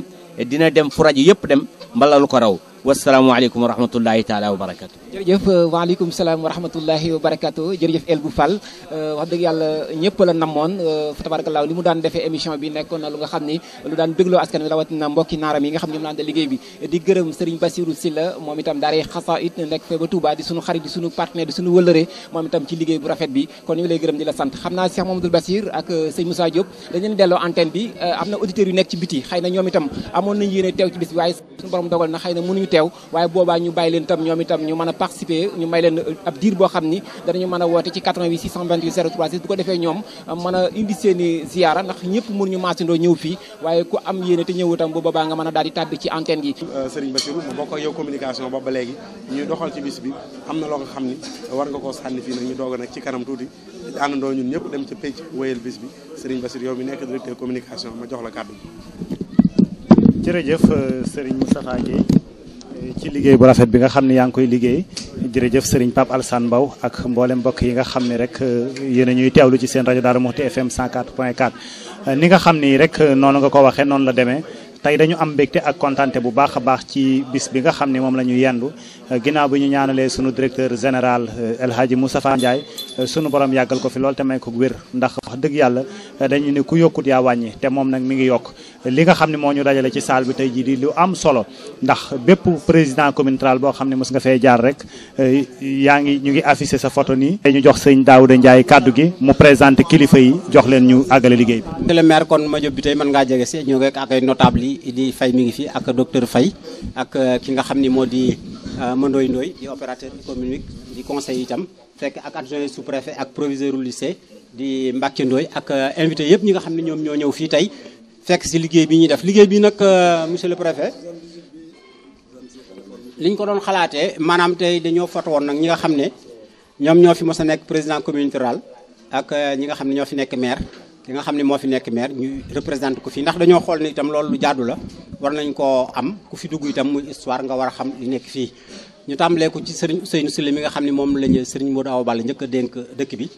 dina dem fu rajo yëpp dem mbalalu ko raw wasalaamualeykum wa rahmatullahi taala wa barakatu jërëjëf euh, waaleykum salaam wa rahmatullahi wa barakaatu El Bou Fall euh, wax dëgg yàlla ñëpp namoon euh, fa tabarakallaahu li mu daan defee émission bi nekkoon na lu nga xam ni lu daan dégloo askan wi rawatina mbokki naaram yi nga xam ñoom laan liggéey bi di gërëm Serigne Bassirou Sylla moom itam daaree xasa it nekk fee ba Touba di suñu xarit di suñu partenaire di suñu wëlëre moom itam ci liggéey bu rafet bi kon ñu lay gërëm di la sant xam naa Cheikh Mamadou Bassir a participer ñu may leen euh, ab diir boo xam ni danañu mën a woote ci 88 628 036 bu ko defee ñoom euh, mën a indi seen i ziyaara ndax ñëpp mën ñu maasindoo ñëw fii waaye ku am yéene te ñëwutam bu boobaa nga mën a daal di tàbbi ci antenne gi euh, Serigne Bassirou mu bokk ak yow communication ba ba léegi ñuy doxal ci bis bi am na loo nga xam ni war nga koo sànni fii nag ñu doog nag ci kanam tuuti àndandoo ñun ñëpp dem ca pénc wéyal bis bi Serigne Bassirou yow mi nekk directeur communication ma jox ci liggéey bu rafet bi nga xam ne yaa ngi koy liggéey jërëjëf Serigne Pape Alassane Mbow ak mboolem mbokk yi nga xam ne rek euh, yéen a ñuy teewlu ci seen rajo Darou Mouhty FM 104 point 4. Euh, ni nga xam ni rek euh, noonu nga ko waxee noonu la demee. tey dañu am mbégte ak kontante bu baax a baax ci bis bi nga xam ne moom la ñu yendu euh, ginnaaw bi ñu ñaanalee sunu directeur général euh, El Hadji Moustapha Ndiaye euh, sunu borom yàggal ko fi lool te may ko wér ndax wax dëgg yàlla dañu ne ku yokkut yaa wàññi te moom nag mi ngi yokk li nga xam ne moo ñu dajale ci saal bi tey jii di lu am solo ndax bépp président commune boo xam ne mos nga fee jaar rek yaa ngi ñu ngi afficé sa foto nii. tey ñu jox sëñ Daouda Ndiaye kàddu gi mu présenté kilifa yi jox leen ñu àggale liggéey bi. fii Idi fay mi ngi fi ak docteur fay ak euh, ki nga xam ni moo di euh, Mandoy Ndoy di opérateur économique di conseil itam fekk ak adjoint sous préfet ak proviseur lycée di Mbacke Ndoy ak euh, invité yëpp ñi nga xam ne ñoom ñoo ñëw fii tey fekk si liggéey bi ñuy def liggéey bi nag monsieur le préfet li ñu ko doon xalaatee maanaam tey dañoo foto woon nag ñi nga xam ne ñoom ñoo fi mos a nekk président communauté rurale ak ñi nga xam ne ñoo fi nekk maire ki nga xam ne moo fi nekk maire ñu représenté ko fii ndax dañoo xool ni itam loolu lu jaadu la war nañ koo am ku fi dugg itam muy histoire nga war a xam li nekk fii ñu tàmbalee ko ci sëriñ Ousseynou Sylla mi nga xam ne moom la ñu sëriñ Modou Awa Balla njëkk dénk dëkk bi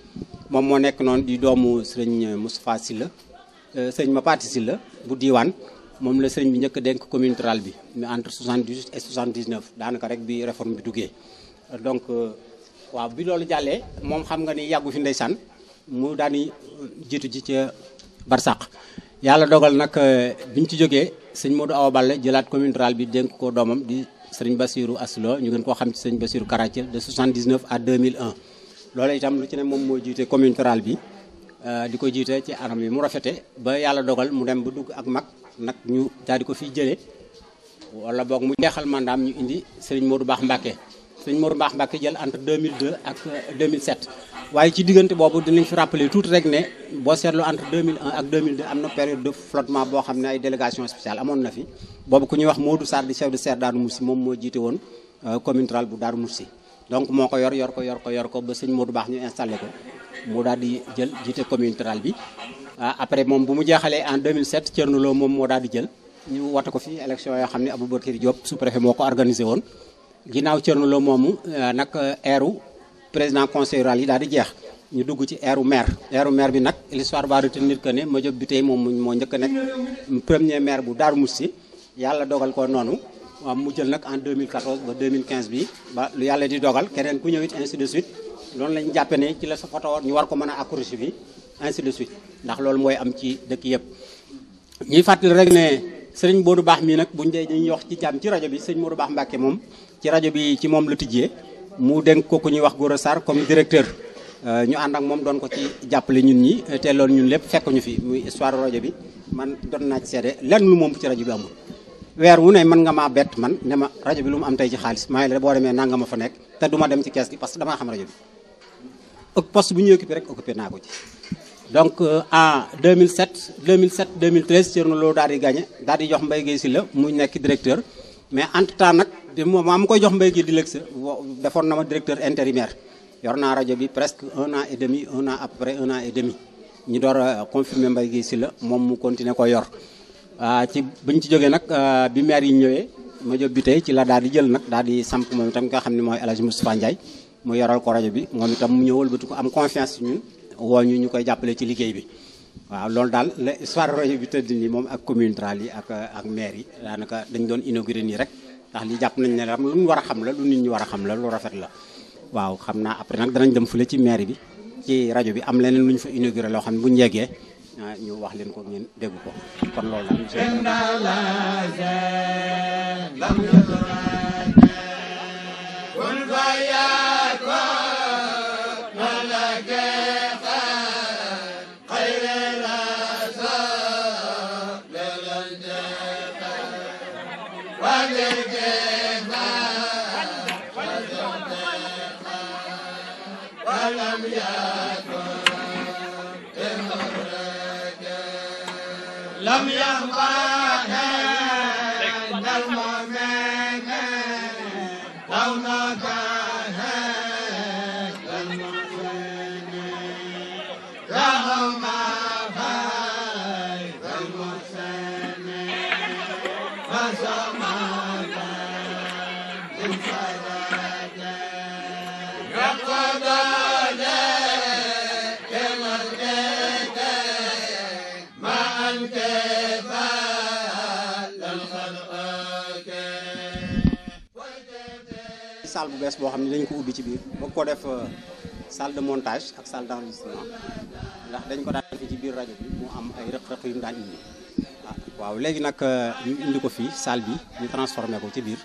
moom moo nekk noonu di doomu sëriñ Moustapha Sylla euh, sëriñ Mapati Sylla bu diiwaan moom la sëriñ bi njëkk a dénk commune rurale bi mais entre 78 et 79 daanaka rek bi réforme bi duggee euh, donc euh, waaw bi loolu jàllee moom xam nga ni yàggu fi ndeysaan mu daan di jiitu ji ca barsàq yàlla dogal nag euh, bi ñu ci jógee sëñ Modou Awa Balla jëlaat commune bi dénk ko doomam di sëriñ Bassirou Aslo ñu ngeen koo xam ci sëriñ Bassirou Karatiel de 79 à 2001. loolu itam lu ci ne moom moo jiite commune rurale bi euh, di ko jiite ci anam yi mu rafete ba yàlla dogal mu dem ba dugg ak mag nag ñu daal di ko fi jële wala boog mu jeexal mandaam ñu indi sëriñ du Baax Mbacke. sëñ Mor Mbaax Mbacke jël entre 2002 ak 2007 euh, waaye ci diggante boobu dinañ fi rappeler tuuti rek ne boo seetlu entre 2001 ak 2002 am na période de flottement boo xam ne ay délégation spéciale amoon na fi boobu ku ñuy wax Modou Sarr di chef de serre Darou Moussi moom moo jiite woon euh, commune rurale bu Darou Moussi donc moo ko yor yor ko yor ko yor ko ba sëñ Modou Baax ñu installé ko moo daal di jël jiite commune bi ah, après moom bu mu jeexalee en 2007 Thierno Lo moom moo daal di jël ñu woote ko fi élection yoo xam ne Aboubacar Diop sous-préfet moo ko organisé woon ginnaaw Thierno Lo moomu euh, nag euh, eeru président conseil yi daal di jeex ñu dugg ci eeru maire. eeru maire bi nag l'histoire va retenir que ne Madiop Bitèye moom moo njëkk a nekk premier maire bu Darou Moussi yàlla dogal ko noonu mu jël nag en 2014 ba 2015 bi ba lu yàlla di dogal keneen ku ñëw it ainsi de suite loolu jàppe ne ci la sa photo ñu war ko mën a accrocher bi ainsi de ndax loolu mooy am ci dëkk yëpp ñuy fàttali rek ne sëriñ Modou Baax mii nag buñ dee dañuy wax ci jàmm ci rajo bi sëriñ Modou Baax Mbacke moom ci rajo bi ci moom la tijjee mu dénk ko ku ñuy wax Gora saar comme directeur euh, ñu ànd ak moom doon ko ci jàppale ñun ñi te loolu ñun lépp fekkuñu fi muy histoire rajo bi man doon naa ci seede lenn lu moom ci rajo bi amul. weer wu ne man nga maa bett man ne ma rajo bi lu mu am tey ci xaalis maa ngi la boo demee nga ma fa nekk te duma ma dem ci kees gi parce que xam rajo bi ak poste bu ñu occupé rek occupé naa ko ci. donc euh, en 2007 2007 2013 Thierno Lo daal di gagné daal di jox Mbaye Guèye Sylla mu nekk directeur. mais entre temps nag bi maa mu koy jox mbéy gi di lëg sa defoon na ma directeur intérimaire yor naa rajo bi presque un an et demi un an après un an et demi ñu door a confirmer mbéy gi si la moom mu continuer ko yor ah, ci buñ ci jógee nag ah, bi maire yi ñëwee ma jóg bi tey ci la daal di jël nag daal di samp moom tam nga xam ne mooy El Hadj Moustapha Ndiaye mu yoral ko rajo bi moom itam mu ñëw wëlbati ko am confiance ci ñun woo ñu ñu koy jàppale ci liggéey bi waaw loolu daal la histoire rajo bi tëdd nii moom ak commune rurale yi ak ak maire yi daanaka dañ doon inauguré nii rek ndax li jàpp nañ ne am lu ñu war a xam la lu nit ñi war a xam la lu rafet la waaw xam naa après nag danañ dem fële ci maire bi ci rajo bi am leneen lu ñu fa inauguré loo xam ne bu ñu yeggee ah, ñu wax leen ko ngeen dégg ko la loolu daal Bamba bu bees boo xam ne dañ ko ubbi ci biir bëgg ko def euh, salle de montage ak salle d'enregistrement ndax dañ ko daan defee ci biir rajo bi mu am ay rëq-rëq yu mu daan indi ah, waaw léegi nag euh, ñu indi ko fii salle bi ñu transformé ko ci biir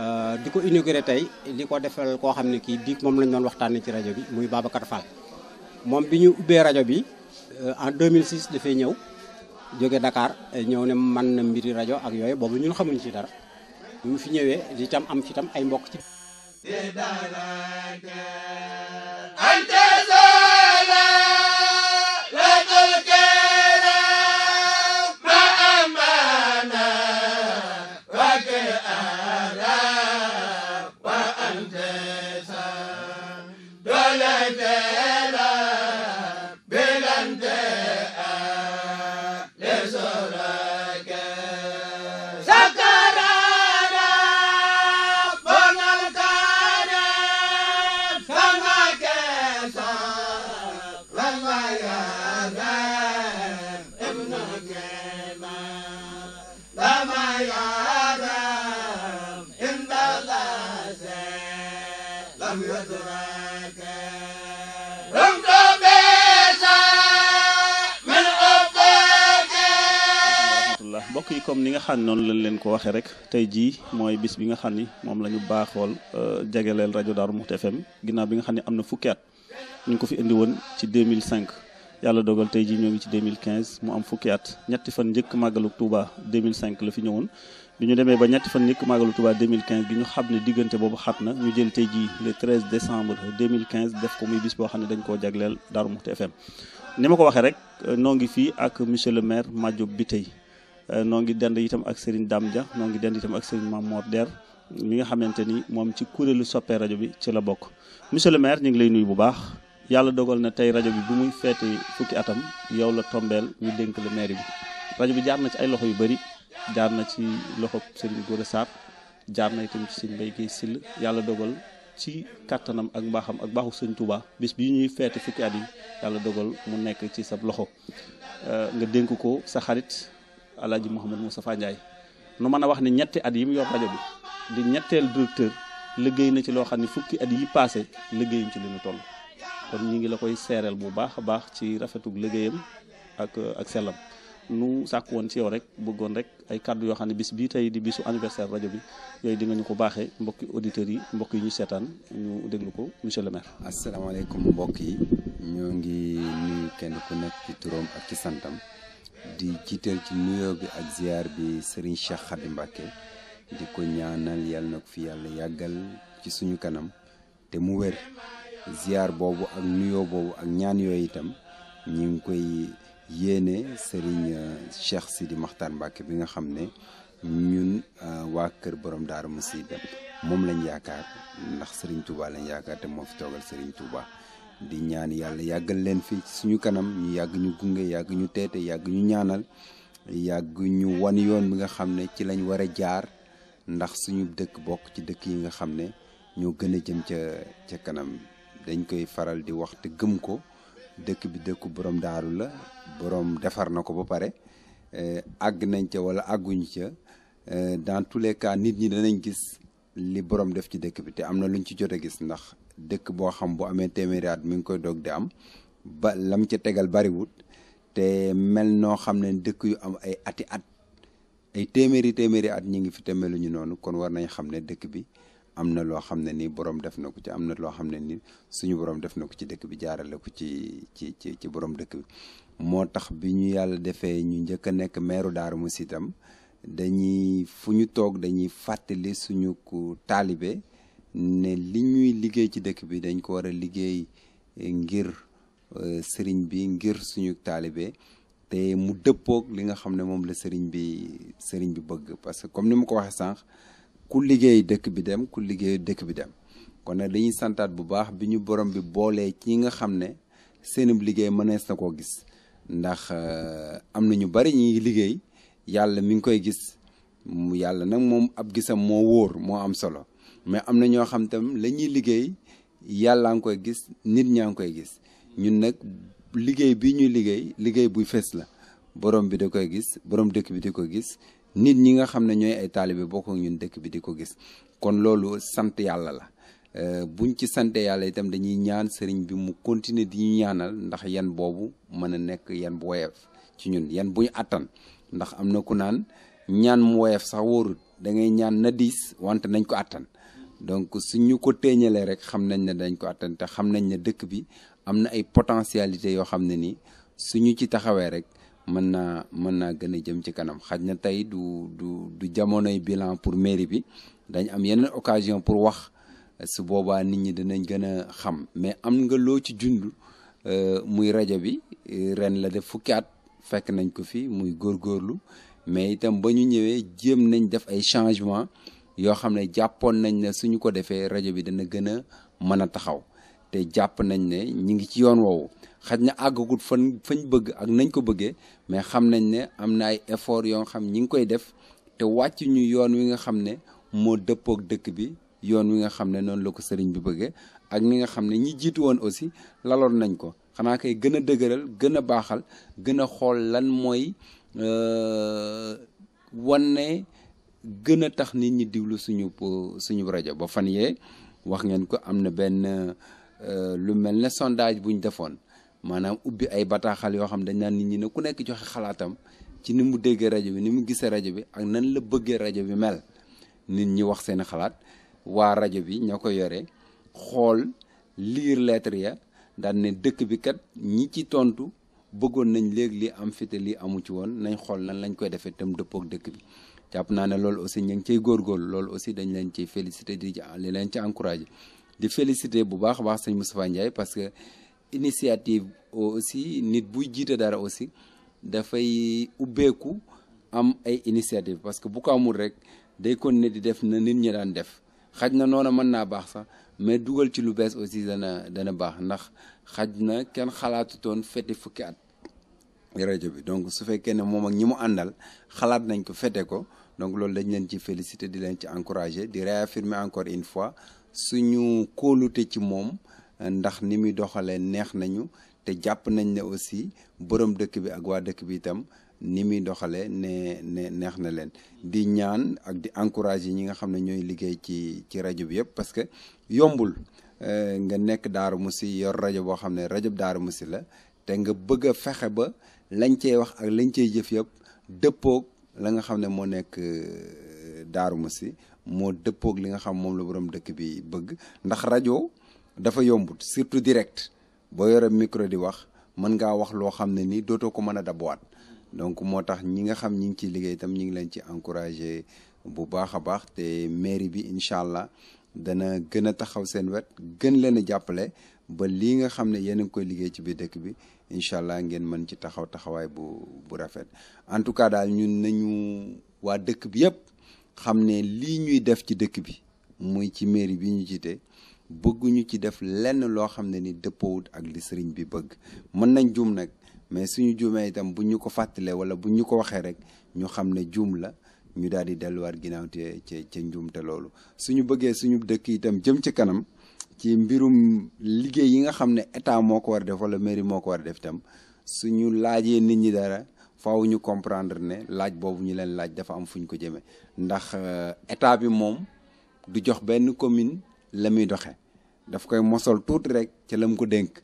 euh, di ko inauguré tey li ko defal koo xam ne kii biig moom lañ doon waxtaanee ci rajo bi muy Babacar Fall moom bi ñu ubbee rajo bi en mille 2006 dafay ñëw jóge Dakar ñëw ne man na mbiri rajo ak yooyu boobu ñun xamuñ ci dara bi mu fi ñëwee di tam am ay mbokk سدرك أنت yi comme ni nga xam ne noonu lañ leen ko waxee rek tey jii mooy bis bi nga xam ni moom la ñu baaxool euh, jagleel rajo Darou Mouhty FM ginnaaw bi nga xam ne am na fukki at ñu ngi ko fi indi woon ci 2005 yàlla dogal tey jii ñoo ngi ci 2015 mu am fukki at ñetti fan njëkk màggalu Touba 2005 la fi ñëwoon bi ñu demee ba ñetti fan njëkk màggalu Touba 2015 bi ñu xam ne diggante boobu xat na ñu jël tey jii le 13 décembre 2015 def ko muy bis boo xam ne dañ koo jagleel Darou Mouhty FM ni m ko waxee rek euh, noo ngi fii ak monsieur le maire Madiop Biteye Euh, noo ngi dend itam ak Serigne Dame Dia noo ngi dend itam ak Serigne Mamour Der mi nga xamante ni moom ci kuréelu soppee rajo bi ci la bokk monsieur le maire ñu ngi lay nuyu bu baax yàlla dogal na tey rajo bi bu muy feete fukki atam yow la tombeel ñu dénk bi rajo bi jaar na ci ay loxo yu bëri jaar na ci loxo Serigne Gora jaar na itam ci Serigne Mbaye Guèye Syll yàlla dogal ci kattanam ak mbaaxam ak baaxu sëñ bis bi ñuy feete fukki yi yàlla dogal mu nekk ci sab loxo euh, nga dénk ko sa xarit alaaji Mouhamadou Moustapha Ndiaye nu mën a wax ni ñetti at yi mu yor rajo bi di ñetteel directeur liggéey na ci loo xam ne fukki at yi passé liggéeyam ci li ñu toll kon ñu ngi la koy seereel bu baax a baax ci rafetug liggéeyam ak ak sellam nu sàkk woon ci yow rek bëggoon rek ay kàddu yoo xam ne bis bii tey di bisu anniversaire rajo bi yooyu di ñu ko baaxee mbokki auditeurs yi mbokk yi ñu seetaan ñu déglu ko monsieur le maire. asalaamaaleykum mbokk yi ñoo ngi nuyu kenn ku nekk ci turam ci santam. di jiital ci nuyoo bi ak ziar bi Serigne Cheikh Khady Mbacké di ko ñaanal yàlla na ko fi yàlla yàggal ci suñu kanam te mu wér ziar boobu ak nuyoo boobu ak ñaan yooyu itam ñu ngi koy yéene Serigne euh, Cheikh Sidi Makhtar Mbacké bi nga xam ne ñun euh, waa kër borom Darou Mouhty moom lañ yaakaar ndax Serigne Touba lañ yaakaar te moo fi toogal Serigne Touba. di ñaan yàlla yàggal leen fii ci suñu kanam ñu yàgg ñu gunge yàgg ñu teete yàgg ñu ñaanal yàgg ñu wan yoon bi nga xam ne ci lañ war a jaar ndax suñu dëkk bokk ci dëkk yi nga xam ne ñoo gën a jëm ca ca kanam dañ koy faral di wax te gëm ko dëkk bi dëkku borom daaru la borom defar na ko ba pare eh, àgg nañ ca wala àgguñu ca eh, dans tous les nit ñi danañ gis li borom def ci dëkk bi te am na lu luñ ci jot a gis ndax dëkk boo xam bu amee téeméeri at mi ngi koy dog di am ba lam ca tegal bariwut te mel noo xam ne dëkk yu am ay ati at ay téeméeri téeméeri at ñu ngi fi te meluñu noonu kon war nañ xam ne dëkk bi am na loo xam ne nii borom def na ko ci am na loo xam ne nii suñu borom def na ko ci dëkk bi jaarale ko ci ci ci ci borom dëkk bi moo tax bi ñu yàlla defee ñu njëkk a nekk meeru Daaru Musi itam dañuy fu ñu toog dañuy fàttali suñu ku taalibe ne li ñuy liggéey ci dëkk bi dañ ko war a liggéey eh, ngir eh, sëriñ bi ngir suñu taalibe te mu dëppoog li nga xam ne moom la sëriñ bi sëriñ bi bëgg parce que comme ni ma ko waxee sànq ku liggéey dëkk bi dem ku liggéey dëkk bi dem kon nag dañuy santaat bu baax bi ñu borom bi boolee ci nga xam ne seenub liggéey mënees na koo gis ndax eh, am na ñu bari ñi liggéey yàlla mi ngi koy gis yàlla nag moom ab gisam moo wóor moo am solo mais am na ñoo xam tam lañuy ñuy liggéey yàllaa ngi koy gis nit ñaa ngi koy gis ñun nag liggéey bi ñuy liggéey liggéey buy fees la borom bi da koy gis borom dëkk bi di ko gis nit ñi nga xam ne ñooy ay taalibe bokk ak ñun dëkk bi di ko gis kon loolu sant yàlla la euh, buñ ci sante yàlla itam dañuy ñaan sëriñ bi mu continuer di ñaanal ndax yan boobu mën a nekk yan bu woyof ci ñun yan bu ñu àttan ndax am na ku naan ñaan mu woyof sax wóorut da ngay ñaan na wante nañ ko àttan donc su ñu ko téeñalee rek xam nañ ne dañ ko attan xam nañ ne dëkk bi am na ay potentialité yoo xam ne nii ñu ci taxawee rek mën naa mën naa gën a jëm ci kanam xaj na tey du du du jamonoy bilan pour mairie bi dañ am yeneen occasion pour wax su boobaa nit ñi dinañ gën a xam mais am nga loo ci jund euh, muy rajo bi ren la def fukki at fekk nañ ko fi muy góor góorlu mais itam ba ñu ñëwee jéem nañ def ay changement yoo xam ne jàppoon nañ ne suñu ko defee rajo bi dana gën a mën a taxaw te jàpp nañ ne ñi ngi ci yoon woowu xaj na àggagut fan fañ bëgg ak nañ ko bëggee mais xam nañ ne am na ay effort xam ñi ngi koy def te wàcc ñu yoon wi nga xam ne moo dëppook dëkk bi yoon wi nga xam ne noonu la ko sëriñ bi bëggee ak ni nga xam ne ñi jiitu woon aussi laloon nañ ko xanaa koy gën a dëgëral gën a baaxal gën a xool lan mooy euh, wane gën a tax nit ñi diwlu suñu euh, suñu rajo ba fan yee wax ngeen ko am na benn euh, lu mel ne sondage bu ñu defoon maanaam ubbi ay bataaxal yoo xam dañ naan nit ñi ne ku nekk joxe xalaatam ci ni mu déggee rajo bi ni mu gisee rajo bi ak nan la bëggee rajo bi mel nit ñi wax seen xalaat waa rajo bi ñoo ko yore xool liir lettre ya daan ne dëkk bi kat ñi ci tontu bëggoon nañ léegi lii am fite lii amu ci woon nañ xool nan lañ koy defee tam dëppook dëkk bi jàpp naa ne loolu aussi ñu ngi ciy góorgóorlu loolu aussi dañ leen ciy félicité di li leen ci encouragé di félicité bu baax a baax sëñ Moustapha Ndiaye parce que initiative aussi nit buy jiite dara aussi dafay ubbeeku am ay initiative parce que bu ko amul rek day kon continuer di def na nit ñi daan def xaj na noona mën naa baax sax mais dugal ci lu bees aussi dana dana baax ndax xaj na kenn xalaatutoon fete fukki at rajo bi donc su fekkee ne moom ak ñi mu àndal xalaat nañ ko fete ko donc loolu dañ leen ci félicité di leen ci encourager di réaffirmer encore une fois suñu kóolute ci moom ndax ni muy doxalee neex nañu te jàpp nañ ne aussi borom dëkk bi ak waa dëkk bi itam ni muy doxalee ne neex na leen di ñaan ak di encourager ñi nga xam ne ñooy liggéey ci ci rajo bi yëpp parce que yombul euh, nga nekk Daaru Musi yor rajo boo xam ne rajo Daaru Musi la te nga bëgg fexe ba lañ cey wax ak lañ ciy jëf yëpp dëppoog la nga xam ne moo nekk euh, Darou Mousty moo dëppoog li nga xam moom la borom dëkk bi bëgg ndax rajo dafa yombut surtout direct boo yore micro di wax mën ngaa wax loo xam ne nii dootoo ko mën a dabuwaat donc moo tax ñi nga xam ñi ngi ciy liggéey itam ñi ngi leen ci encouragé bu baax a baax te mairie bi incha allah dana gën a taxaw seen wet gën leen a jàppale ba lii nga xam ne yéen a ngi koy liggéey ci biir dëkk bi incha allah ngeen mën ci taxaw taxawaay bu bu rafet en tout cas daal ñun nañu waa dëkk bi yëpp xam ne lii ñuy def ci dëkk bi muy ci mairie bi ñu jiite bëgguñu ci def lenn loo xam ne ni dëppoowut ak li sëriñ bi bëgg mën nañ juum nag mais suñu juumee itam bu ñu ko fàttalee wala bu ñu ko waxee rek ñu xam ne juum la ñu daal di delluwaat ginnaaw te ca njuum te loolu suñu bëggee suñu dëkk itam jëm ci kanam ci mbirum liggéey yi nga xam ne état moo ko war def wala mairie moo ko war a def itam suñu laajee nit ñi dara faw ñu comprendre ne laaj boobu ñu leen laaj dafa am fu ñu ko jëmee ndax euh, état bi moom du jox benn commune la muy doxe daf koy mosol tuuti rek ca la mu ko dénk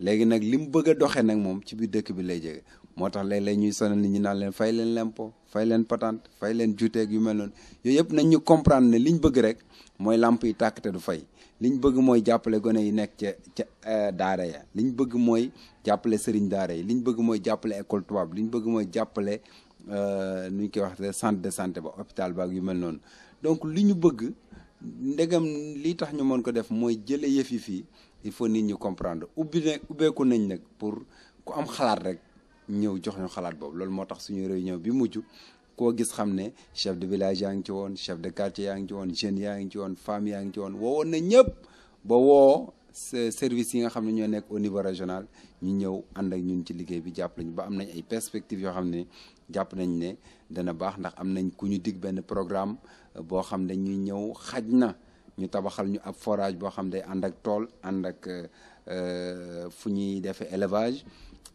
léegi nag li mu bëgg a doxee nag moom ci biir dëkk bi lay jege moo tax léeg-léeg ñuy sonal nit ñi naan leen fay leen lempo fay leen patente fay leen juteeg yu mel noonu yooyu yëpp nañ ñu comprendre ne liñ bëgg rek mooy làmp yi tàkk du fay li ñu bëgg mooy jàppale gone yi nekk ca ca eh, daara li ñu bëgg mooy jàppale sëriñ daare yi liñ bëgg mooy jàppale école li ñu bëgg mooy jàppale euh, nu ñu koy waxee centre de santé ba hôpital ba ak yu mel noonu donc li ñu bëgg ndegam lii tax ñu mën ko def mooy jële yëf yi fii il faut nit ñu comprendre ubbi ne ubbeeku nañ nag pour ku am xalaat rek ñëw jox ñu xalaat boobu loolu moo tax suñu réunion bi mujj koo gis xam ne chef de village yaa ngi woon chef de quartier yaa ngi ci woon jeunes yaa ngi ci woon femme yaa ngi ci woon na ñëpp ba woo service yi nga xam ne ñoo nekk au niveau régional ñu ñëw ànd ak ñun ci liggéey bi jàpp nañu ba am nañ ay perspectives yoo xam ne jàpp nañ ne dana baax ndax am nañ ku ñu dig benn programme boo xam ne ñuy ñëw xaj na ñu tabaxal ñu ab forage boo xam day ànd ak tool ànd ak euh, euh, fu ñuy defee élevage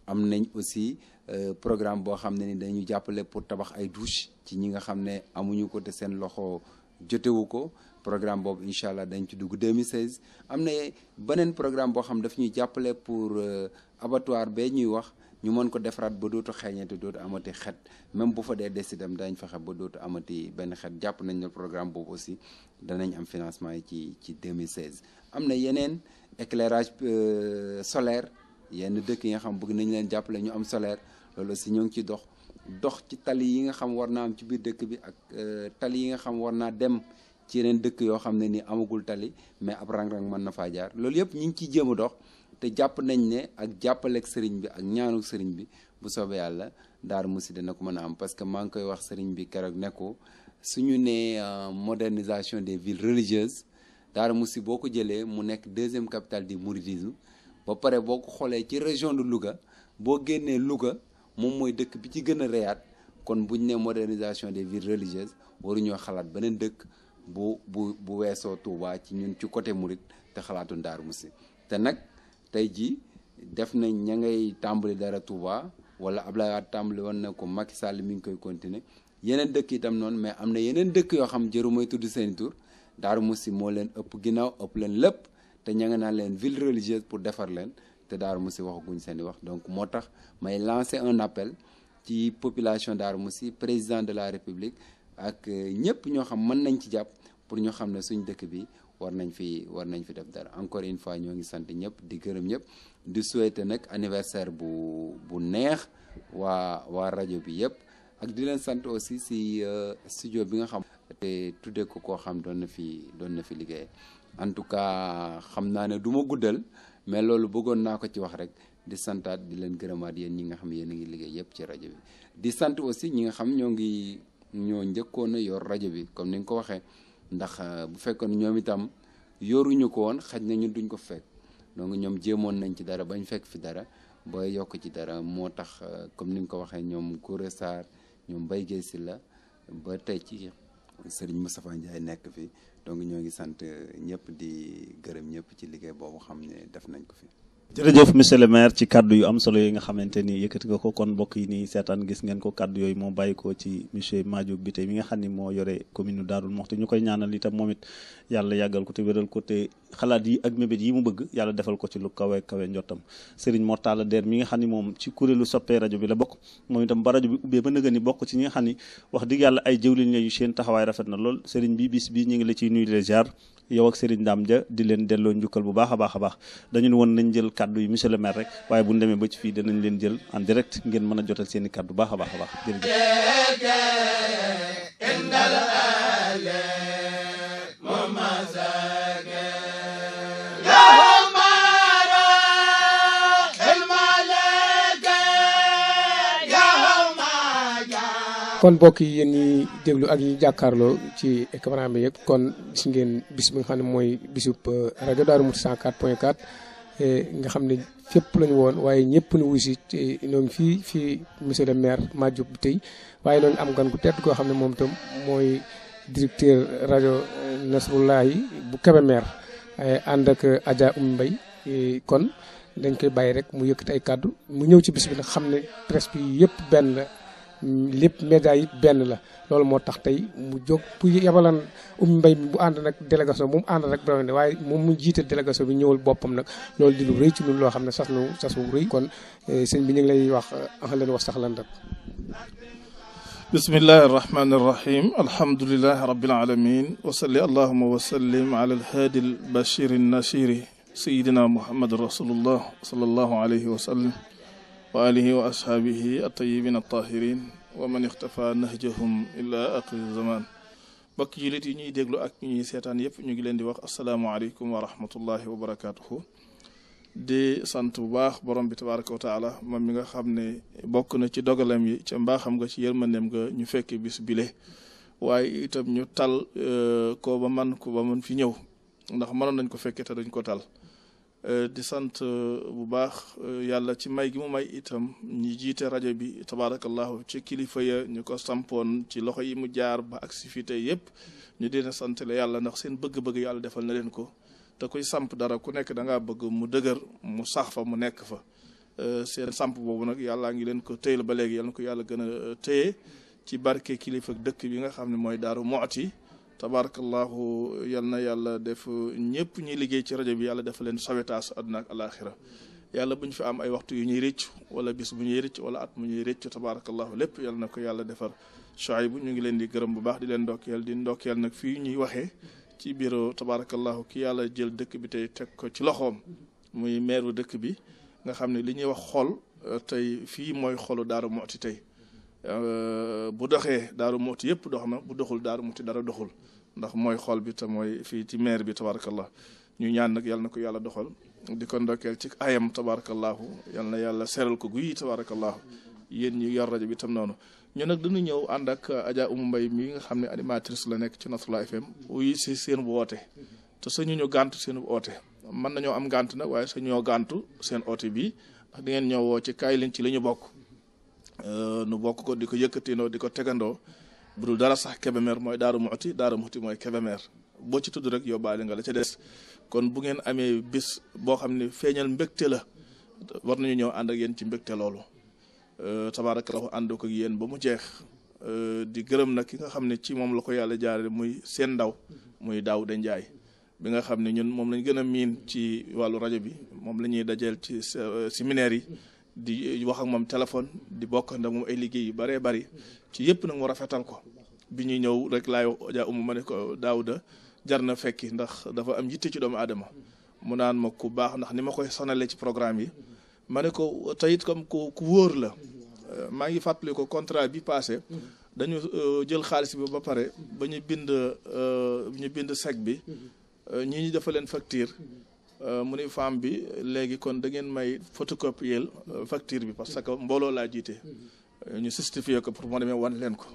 am nañ aussi euh, programme boo xam ne ni dañu jàppale pour tabax ay douche ci ñi nga xam ne amuñu ko te seen loxo jotewu ko programme boobu incha allah dañ ci dugg 2016 am na beneen programme boo xam daf ñuy jàppale pour abattoir bee ñuy wax ñu mën ko defaraat ba dootu xeeñeete dootu amati xet même bu fa dee des itam daañ fexe ba dootu amati benn xet jàpp nañ ne programme boobu aussi danañ am financement yi ci ci 2016 am na yeneen éclairage euh, solaire yenn dëkk yi nga xam bëgg nañ leen jàppale ñu am solaire loolu aussi ñoo ngi ci dox dox ci tali yi nga xam war naa am ci biir dëkk bi ak euh, tali yi nga xam war naa dem ci yeneen dëkk yoo xam ne ni amagul tali mais ab rang-rang mën na faa jaar loolu yëpp ñu ngi ciy jéem a dox jàpp nañ ne ak jàppaleeg sëriñ bi ak ñaanu sëriñ bi bu soobee yàlla daar Mousty dana ko mën a am parce que maa ngi koy wax sëriñ bi keroog ne ko suñu nee euh, modernisation des villes religieuses daar Mousty boo ko jëlee mu nekk deuxième capitale du mouridisme ba pare boo ko xoolee ci région de Louga boo génnee Louga moom mooy dëkk bi ci gën a reyaat kon buñ ne modernisation des villes religieuses waruñoo xalaat beneen dëkk bu bu bu weesoo Touba ci ñun ci côté Mouride te xalaatu Darou Mousty tey jii def nañ ña ngay tàmbali dara Touba wala ab Wade tàmbali woon na ko Macky Sall mi ngi koy continuer yeneen dëkk yi tam noonu mais am na yeneen dëkk yoo xam jëru may tudd seen tur Daaru Musi moo leen ëpp ginnaaw ëpp leen lépp te ña ngi naan leen ville religieuse pour defar leen te Daaru Musi waxaguñ seen i wax donc moo tax may lancer un appel ci population Daaru Musi président de la République ak ñëpp ñoo xam mën nañ ci jàpp pour ñu xam ne suñ dëkk bi war nañ fi war nañ fi def dara encore une fois ñoo ngi sant ñëpp di gërëm ñëpp di souhaiter nag anniversaire bu bu neex waa waa rajo bi yëpp ak di leen sant aussi si euh, studio bi nga xam te tuddee ko koo xam doon na fi doon na fi liggéey en tout cas xam naa ne du ma guddal mais loolu bëggoon naa ko ci wax rek di santaat di leen gërëmaat yéen ñi nga xam yéen a ngi liggéey yëpp ci rajo bi di sant aussi ñi nga xam ñoo ngi ñoo njëkkoon a yor rajo bi comme ni nga ko waxee ndax euh, bu fekkoon ñoom itam yoruñu ko woon xaj na ñun duñ ko fekk donc ñoom jéemoon nañ ci dara bañ fekk fi dara ba yokk ci dara moo tax euh, comme ni nga ko waxee ñoom Kouré Sarr ñoom Baye Guèye la ba tey ci Serigne Moustapha nekk fi donc ñoo ngi sant ñëpp di gërëm ñëpp ci liggéey boobu xam ne def nañ ko fi. jërëjëf monsieur le maire ci kàddu yu am solo yi nga xamante ni yëkkati nga ko kon mbokk yi nii seetaan gis ngeen ko kàddu yooyu moo bàyyi ko ci monsieur Madiop bi tey mi nga xam ni moo yore commune Darou Mouhty ñu koy ñaanal moom it yàlla yàggal ko te wéral ko xalaat yi ak mébét yi mu bëgg yàlla defal ko ci lu kawe kawe njottam Serigne Mortala Der mi nga xam ni moom ci kuréelu soppee rajo bi la bokk moom itam ba rajo bi ubbee ba nëga ni bokk ci ñi nga xam ni wax dëgg yàlla ay jëwlin yu seen taxawaay rafet na lool Serigne bi bis bi ñu ngi la ciy nuyu les yow ak Serigne Dame Dia di leen delloo njukkal bu baax a baax a baax dañu ne woon nañ jël kàddu yi monsieur le maire rek waaye bu ñu demee fii danañ leen jël en direct ngeen mën a jotal seen i kàddu baax a baax a baax jërëjëf kon mbokk yi yéen ñi déglu ak ñi jàkkaarloo ci écran bi yëpp kon gis ngeen bis nga xam ne mooy bisub euh, rajo Daaru Muxti 104 point 4 eh, nga xam ne fépp lañu woon waaye ñëpp nu wuy si ñoo ngi fii fii monsieur le maire Madiop Tey waaye noonu am gan gu tedd koo xam ne moom itam mooy directeur rajo euh, Nasrullahi bu Kébémer eh, ànd ak euh, Adja Oumy Mbaye eh, kon dañ koy bàyyi rek mu yëkkati ay kàddu mu ñëw ci bis bi xam ne presse bi yëpp benn la lépp média yi benn la loolu moo tax tey mu jóg bu yabalan um mbay mi bu ànd nag délégation bu mu ànd rek bra waaye moom mu jiite délégation bi ñëwal boppam nag loolu di lu ci ñun loo xam ne sas nu sas wu kon eh, sëñ bi ñu ngi lay wax ahlan wa sahlan rek bismillahi arrahmani irrahim alhamdulilahi rabbil alamin wasalli allahuma wasallim ala alhaadi albashiri nashiri sayidina muhammad rasulullah sallallahu alayhi wa sallam wa alihi wa ashaabihi attayibiin attahirin wa man ixtafa nahjahum ila aqri zaman mbokk jullit yi ñuy déglu ak ñuy seetaan yëpp ñu ngi leen di wax asalaamualeykum wa rahmatullahi wa barakaatuhu di sant bu baax borom bi tabaraka wa taala moom mi nga xam ne bokk na ci dogalam yi ca mbaaxam nga ci yërmandeem nga ñu fekk bis bile waaye itam ñu tal euh, ko ba man ko ba man fi ñëw ndax mënoon nañ ko fekkee te dañ ko tal Euh, di sant euh, bu baax euh, yàlla ci may gi mu may itam ñi jiite rajo bi tabaarakallahu ci kilifa ya ñu ko sampoon ci loxo yi mu jaar ba ak si fii tey yëpp ñu dina sant la yàlla ndax seen bëgg-bëgg yàlla defal na leen ko te koy samp dara ku nekk da ngaa bëgg mu dëgër mu sax fa mu nekk fa seen samp boobu nag yàllaa ngi leen ko téyel ba léegi yal na ko yàlla gën a téye ci barke kilifa dëkk bi nga xam ne mooy Daaru Muxti tabarakallahu yal na yàlla def ñëpp ñuy liggéey ci rajo bi yàlla def leen sawetaas àdduna ak yàlla bu ñu fi am ay waxtu yu ñuy rëccu wala bis bu ñuy rëcc wala at mu ñuy rëcc tabarakallahu lépp yàlla na ko yàlla defar choy bu ñu ngi leen di gërëm bu baax di leen ndokkeel di ndokkeel nag fii ñuy waxee ci bureau tabarakallahu ki yàlla jël dëkk bi tey teg ko ci loxoom muy meeru dëkk bi nga xam ne li ñuy wax xool tey fii mooy xolu Daaru Muxti tey Euh, bu doxee daaru muuti yëpp dox na bu doxul daaru muuti dara doxul ndax mooy xool bi te mooy fii ci maire bi tabarakallah ñu ñaan nag yal na ko yàlla doxal di ko ndokkeel ci ayam tabarakallahu yal na yàlla seeral ko guyi tabarakallahu yéen ñi yor rajo bi tam noonu ñu nag dañu ñëw ànd ak Adja Umu Mbay mi nga xam ne animatrice la nekk ci Nasrullah FM wuy si seen bu woote te sañu ñu gàntu seen bu oote mën nañoo am gànt nag waaye sañoo gàntu seen oote bi ndax ngeen ñëw woo ci kaay leen ci la ñu bokk Euh, nu bokk ko di ko yëkkatiinoo di ko tegandoo bu dul dara sax Kébémer mooy Daaru Muxti Daaru Muxti mooy Kébémer boo ci tudd rek yóbbaale nga la ca des kon bu ngeen amee bis boo xam ne feeñal mbégte la war nañu ñëw ànd ak yéen ci mbégte loolu euh, tabaarakallahu ànd ko yéen ba mu jeex euh, di gërëm na ki nga xam ne ci moom la ko yàlla jaare muy seen ndaw muy Daawuda Njaay bi nga xam ne ñun moom lañ gën a miin ci wàllu rajo bi moom la ñuy dajeel ci séminaire yi di wax ak moom téléphone di bokk ndax moom ay liggéey yu bëree bëri ci yëpp nag mu rafetal ko bi ñuy ñëw rek laay jaa umu ma ne ko daawuda jar na fekki ndax dafa am yitte ci doomu adama mu naan ma ku baax ndax ni ma koy sonalee ci programme yi ma ne ko teyit comme ku ku wóor la euh, maa ngi fàttali contrat bi passé dañu euh, jël xaalis bi ba pare ba ñu bind euh, ñu bind chèque bi ñii ñu dafa leen facture Euh, mu ni femme bi léegi kon da ngeen may photocopier facture bi parce que mbooloo laa jiite. Euh, ñu certifié ko pour moo demee wan leen ko.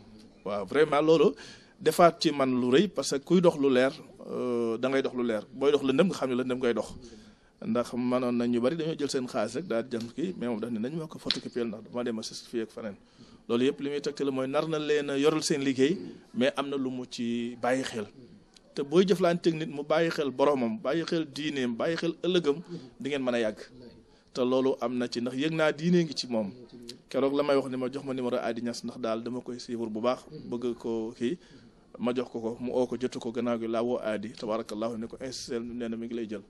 waaw vraiment loolu defaat ci man lu rey parce que kuy dox lu leer euh, da ngay dox lu leer booy dox lëndëm nga xam ne lëndëm ngay dox. ndax manoon nañ ñu bari dañoo jël seen xaas rek daal di jëm kii mais moom daf ne nañ ma ko photocopier ndax dama dem a certifié ak feneen. loolu yëpp li muy tegtal mooy nar na leen a yoral seen liggéey mais am na lu mu ci bàyyi xel. te booy jëflanteeg nit mu bàyyi xel boromam bàyyi xel diineem bàyyi xel ëllëgam di ngeen mën a yàgg te loolu am na ci ndax yëg naa diinee ngi ci moom keroog la may wax ni ma jox ma numéro Adi Niass ndax daal dama koy suivre bu baax bëgg ko kii ma jox ko ko mu oo ko jotu ko gannaaw gi laa woo Adi tabaarakallaahu ne ko insistel nee na mi ngi lay jël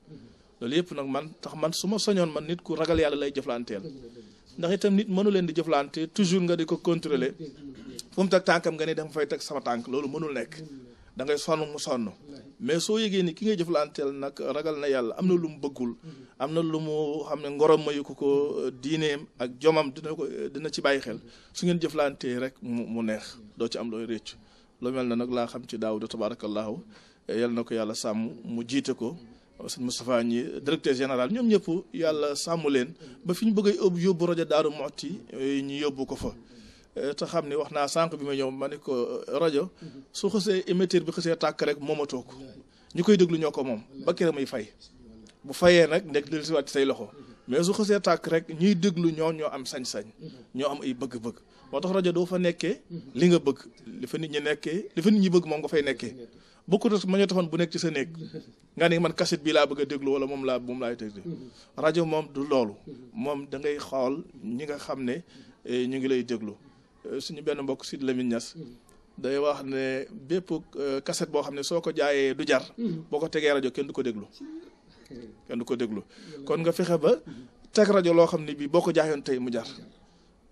loolu yëpp nag man tax man su ma soñoon man nit ku ragal yàlla lay jëflanteel ndax itam nit mënu leen di jëflante toujours nga di ko contrôler fu mu tànkam nga ne dama fay teg sama tànk loolu mënul nekk da ngay sonn mu sonn mais soo yëgee ni ki ngay jëflanteel nag ragal na yàlla am na lu mu bëggul am na lu mu xam ne ngorom mayu ko ko diineem ak jomam dina ko dina ci bàyyi xel su ngeen jëflantee rek mu mu neex doo ci am looy réccu lu mel na nag laa xam ci Daawuda tabaarakallaahu yal na ko yàlla sàmm mu jiite ko sëñ Moustapha ñi directeur général ñoom ñëpp yàlla sàmm leen ba fi ñu bëgg a yóbbu rajo Daaru Muxti ñu yóbbu ko fa Euh, te xam ne wax naa sànq bi ma ñëw ma ne ko euh, rajo mhm. su xësee émetteur bi xësee tàkk rek moomatoo ko ñu koy déglu ñoo ko moom ba kër muy fay bu fayee nag nekk del si waat ci say loxo mais su xësee tàkk rek ñuy déglu ñoo ñoo am sañ-sañ mhm. ñoo am ay bëgg-bëgg moo tax rajo doo fa nekkee mhm. li nga bëgg li fa nit ñi nekkee li fa nit ñi bëgg moom nga fay nekkee bokkut ak magnétophone bu nekk ci sa néeg nga ne man cassette bi laa bëgg a déglu wala moom laa moom laay déglu rajo moom du loolu moom da ngay xool ñi nga xam ne eh, ñu ngi lay déglu Euh, suñu benn mbokk Sidi Lamine Niass mm-hmm. day wax ne bépp kaset euh, boo xam ne soo ko jaayee du jar mm-hmm. boo ko tegee rajo kenn du ko déglu mm-hmm. kenn ko déglu kon nga fexe ba teg rajo loo xam ne bii boo ko jaayoon tey mu jar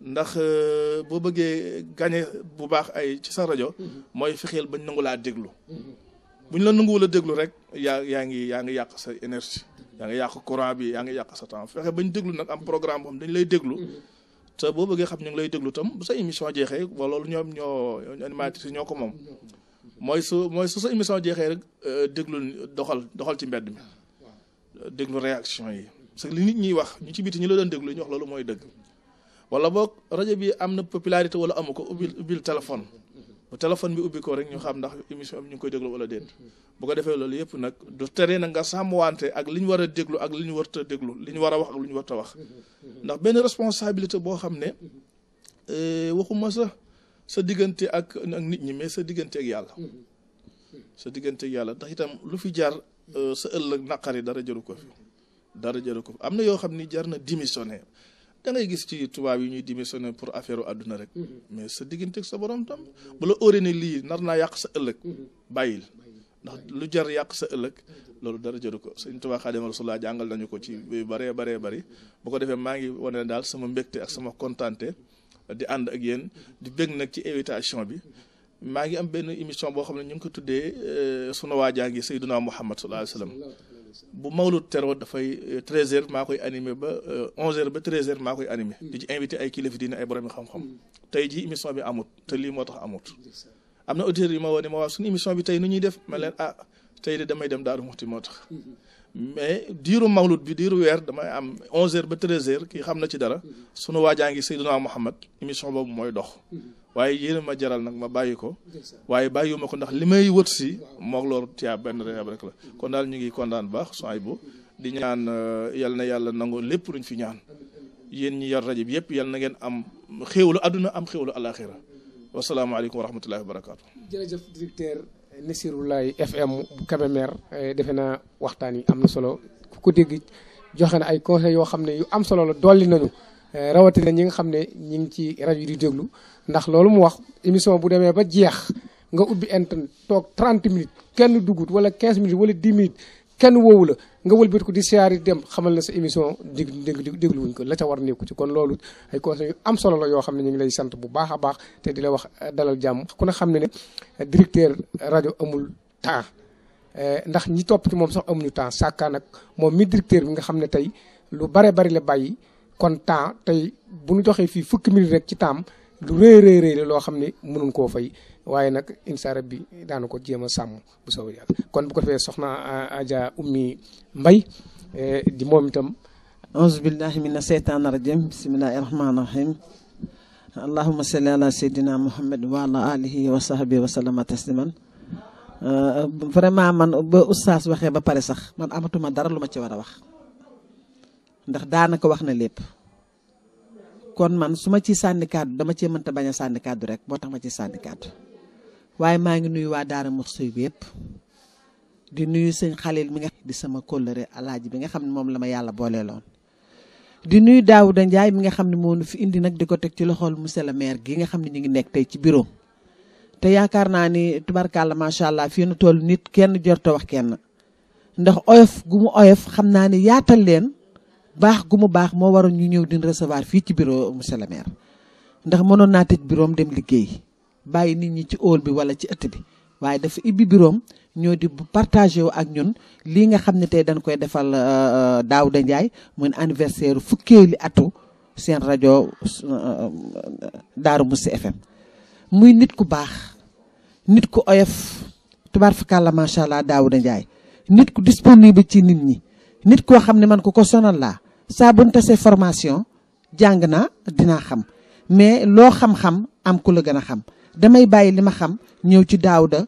ndax euh, boo bëggee gagné bu baax ay ci sa rajo mooy fexeel bañ nangu laa déglu buñ la nanguwul a déglu rek yaa yaa ngi yaa ngi yàq sa énergie yaa ngi yàq courant bi yaa ngi yàq sa temps fexe bañ déglu nag am programme boo xam dañ lay déglu te boo bëggee xam ñu ngi lay déglu tam bu sa émission jeexee wala loolu ñoom ñoo animatrice ñoo ko moom mooy su mooy su sa émission jeexee rek euh, déglu doxal doxal ci mbedd mi déglu réaction yi parce que li nit ñiy wax ñu ci biti ñi la doon déglu ñu wax loolu mooy dëgg wala boo rajo bi am na popularité wala amu ko ubbil ubbil téléphone bu téléphone bi ubbi ko rek ñu xam ndax émission bi ñu ngi déglu wala den bu ko defee loolu yëpp nag du tere na nga sàmmwante ak li ñu war a déglu ak li ñu warta déglu li ñu war a wax ak lu ñu warta wax ndax benn responsabilité boo xam ne euh, waxuma sa sa diggante ak ak nit ñi mais sa diggante ak yàlla sa diggante yàlla ndax itam lu fi jar euh, sa ëllëg naqari dara jaru ko fi dara jaru ko fi am na yoo xam ni jar na démissionnaire da gis ci tubaab yi ñuy démissionné pour affaire àdduna rek. Mm-hmm. mais sa digganteeg sa borom tam. bu la lii nar naa yàq sa ëllëg. Mm-hmm. bàyyil ndax lu jar yàq sa ëllëg. Mm-hmm. loolu dara jëru ko sëñ Tuubaa Xaadimu Rasuul jàngal nañu ko ci yu bëree bari boo ko defee maa ngi wane daal sama mbégte ak sama kontaante di ànd ak yenn di bég nag ci invitation bi maa ngi am benn émission boo xam ne ñu ngi ko tuddee euh, na waajaa ngi Seydunaa Muhammad sallallahu alayhi wa sallam bu mawlud teroo dafay 13h euh, maa koy animé ba 11h euh, ba 13h maa koy animé. Hmm. di ci invité ay kilifa diine ay borom xam-xam. Hmm. tey ji émission bi amut te lii moo tax amut. am na auditeurs yu ma woo ne ma waa suñu émission bi tey nu ñuy def ma leen ah tey de damay dem Daaru ti moo tax. Hmm. mais diiru mawlud bi diiru weer damay am 11h ba 13h kii xam na ci dara. sunu waajaa ngi Seydina Muhammad émission boobu mooy dox. waaye yéen ma jaral nag ma bàyyi ko waaye bàyyiwuma ko ndax li may wët si moog loolu tiyaab benn réab rek la kon daal ñu ngi kontaan baax soy bu di ñaan euh, yal na yàlla nangu lépp luñ fi ñaan yéen ñi yar rajo bi yëpp yal na ngeen am xéewlu àdduna am xéewlu alaxira wasalaamaaleykum wa rahmatullahi wa barakaatu. jërëjëf directeur Nassirou FM bu Kébémer euh, defe na waxtaan yi am na solo ku ko dégg joxe na ay conseils yoo xam ne yu am solo la dolli nañu. Euh, rawatina ñi nga xam ne ñi ngi ci rajo yi di déglu ndax loolu mu wax émission bu demee ba jeex nga ubbi internet toog 30 minutes kenn duggut wala quinze minutes wala 10 minutes kenn woowu la nga wëlbati ko di siyaar yi dem xamal na sa émission dég dég déglu wuñ ko la ca war nekku ci kon loolu ay am solo la yoo xam ne ñu ngi lay sant bu baax a baax te di la wax euh, dalal jàmm ku ne xam ne ne euh, directeur rajo amul temps ndax ñi topp ci moom sax amuñu temps sàkkaan ak moom mi bi nga xam ne tey lu bare bari la bàyyi kon temps tey bu ñu doxee fii fukki minute rek ci temps lu rëy rëy rëy loo xam ne mënuñ koo fay waaye nag insa rabbi daana ko jéem a sàmm bu soobee kon bu ko defee soxna euh, Adja Oumy Mbaye euh, di moom itam auzu billahi mina seytaani rajim bismillahi rahmaani rahim allahuma salli ala seydina muhammad wa ala alihi wa sahbi wa sallama tasliman euh, vraiment man ba oustaz waxee ba pare sax man amatuma dara lu ma ci war a wax ndax daanaka wax na lépp kon man su ma ci sànni kàddu dama cee mënta bañ a sànni kàddu rek moo tax ma ci sànni kàddu waaye maa ngi nuyu waa Daara Mousty bi bépp di nuyu sëñ Xalil mi nga di sama kóllëre alaaji bi nga xam ne moom la ma yàlla booleeloon di nuyu Daouda njaay mi nga xam ne moo nu fi indi nag di ko teg ci loxool monsieur le maire gi nga xam ne ñu ngi nekk tey ci bureau te yaakaar naa ni tubarkàlla macha allah fii nu toll nit kenn jorto wax kenn ndax oyof gu mu oyof baax gu mu baax moo waral ñu ñëw din recevoir fii ci bureau monsieur le ndax mënoon naa tëj bureau dem liggéey bàyyi nit ñi ci hall bi wala ci ëtt bi waaye dafa ibbi bureau ñoo di partagé wu ak ñun lii nga xam ne tey dañ koy defal euh, euh, Daouda Ndiaye muy anniversaire fukkeeli atu seen rajo euh, Daaru muy nit ku baax nit ku oyof tubaar fakàlla macha allah Daouda njaay nit ku disponible ci nit ñi nit koo xam ne man ko ko sonal laa saa bu ñu formation jàng naa dinaa xam mais loo xam-xam am ku la gën a xam damay bàyyi li ma xam ñëw ci Daouda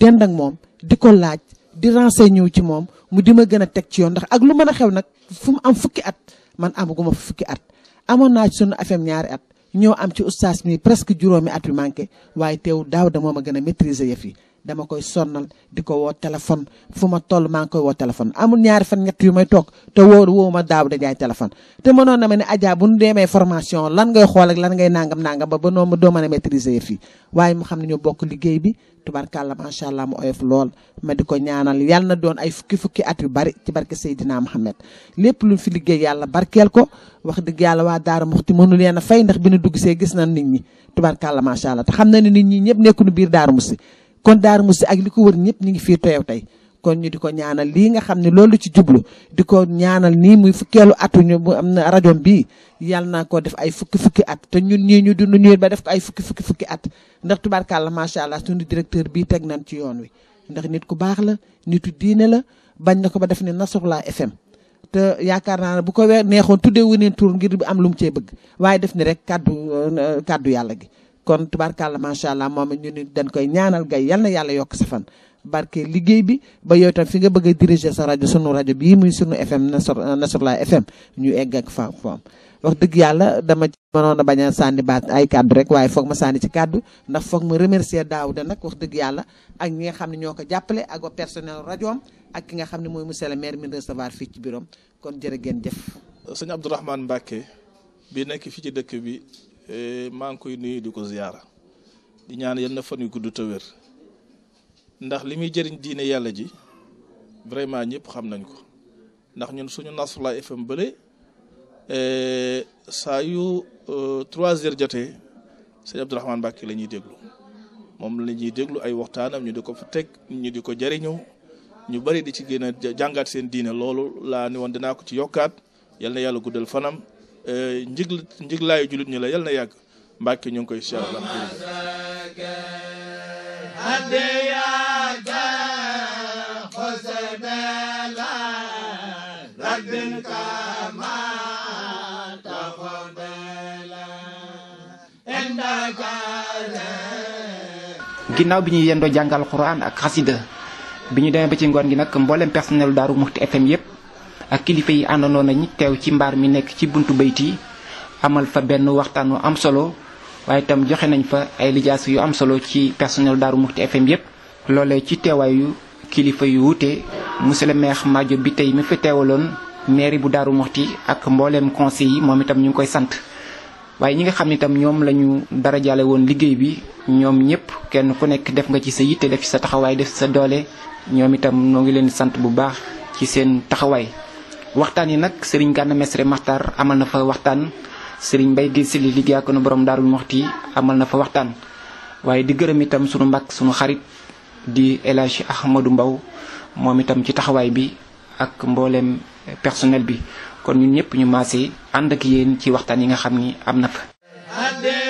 dend ak moom di ko laaj di renseigné ñëw ci moom mu di ma gën a teg ci yoon ndax ak lu mën a xew nag fu mu am fukki at man am ma fukki at amoon naa ci sunu affaire ñaari at ñoo am ci ustaas mi presque juróomi at yu manqué waaye teew Daouda moo ma gën a maîtriser yëf yi. dama koy sonnal di ko woo téléphone fu ma toll maa ngi koy woo téléphone amul ñaari fan ñett yu may toog te woo woo ma daaw da jaay téléphone te mënoon na ma ne Adja bu ñu demee formation lan ngay xool ak lan ngay nangam nangam ba ba noo ma doo a maîtriser fii waaye mu xam ne ñu bokk liggéey bi tubarkàlla macha allah mu oyof lool ma di ko ñaanal yal na doon ay fukki fukki at yu bari ci barke Seydina Mohamed lépp lu fi liggéey yàlla barkeel ko wax dëgg yàlla waa Daara Muxti mënu leen a fay ndax bi nu dugg see gis na nit ñi tubarkàlla macha allah xam na ne nit ñi ñëpp nekkuñu biir Daara Muxti kon Darou Mousty ak li ko wër ñëpp ñu ngi fii teew tey kon ñu di ko ñaanal lii nga xam ne loolu ci jublu di ko ñaanal nii muy fukkeelu atuñu bu am na rajo bii yàlla naa ko def ay fukki fukki at te ñun ñii ñu dund ñëwee ba def ko ay fukki fukki fukki at ndax tubaarkàlla macha allah suñu directeur bi teg nañ ci yoon wi. ndax nit ku baax la nitu diine la bañ na ko ba def ne Nasrullah FM te yaakaar naa ne bu ko weer neexoon tuddee wu neen tur ngir bi am lu mu cee bëgg waaye def ni rek kàddu kàddu yàlla gi. kon tubaarkàlla macha allah moom it ñu ni dañ koy ñaanal gay yal na yàlla yokk sa fan barke liggéey bi ba yow tam fi nga bëgg a diriger sa rajo sunu rajo bii muy sunu FM na Nasrullah FM ñu egg ak fa foom wax dëgg yàlla dama ci mënoon bañ a sànni baat ay kàddu rek waaye foog ma sànni ci kàddu ndax foog ma daaw de nag wax dëgg yàlla ak ñi nga xam ne ñoo ko jàppale ak personnel rajoom ak ki nga xam ne mooy monsieur le maire mi recevoir fii ci biirom kon jërë ngeen jëf. sëñ Abdourahmane dëkk bi. Eh, maa ngi koy nuyu di ko ziyaara di ñaan yal na fan yu gudd te ndax li muy jëriñ diine yàlla ji vraiment ñëpp xam nañ ko ndax ñun suñu Nasrullah FM bële eh, saa yu eh, trois heures jotee sëñ Abdourahmane Mbacké la ñuy déglu moom la ñuy déglu ay waxtaanam ñu di ko teg ñu di ko jëriñoo ñu bari di ci gën a jàngaat seen diine loolu laa ni woon dinaa ko ci yokkaat yal na yàlla guddal fanam. njig euh, njiglaayu jullit ñi la yal na yàgg Mbàkke ñu ngi koy siyaar ginnaaw bi ñuy yendoo jàngal Alxuraan ak xasida bi ñu demee ba ci ngoon gi nag mboolem personnel Daaru Muxti FM yépp ak kilifa yi àndandoo nañu teew ci mbaar mi nekk ci buntu bayti amal fa benn waxtaan wu am solo waaye itam joxe nañ fa ay lijaas yu am solo ci personnel Daaru Muxti FM yépp loole ci teewaayu kilifa yu wuute monsieur le maire Madiop bi tey mi fi teewaloon mairie bu Daaru Muxti ak mbooleem conseil yi moom itam ñu ngi koy sant waaye ñi nga xam ne itam ñoom la ñu dara jaale woon liggéey bi ñoom ñëpp kenn ku nekk def nga ci sa yitte def ci sa taxawaay def ci sa doole ñoom itam noo ngi leen sant bu baax ci seen taxawaay waxtaan yi nag sëriñ Gana Messere Maxtaar amal na fa waxtaan sëriñ Mbay gi si li liggéey ak nu borom daarul moxti amal na fa waxtaan waaye di gërëm itam sunu mbokk sunu xarit di El Hadj mbaw moom itam ci taxawaay bi ak mbooleem personnel bi kon ñun ñëpp ñu maase ànd ak yéen ci waxtaan yi nga xam ni am na fa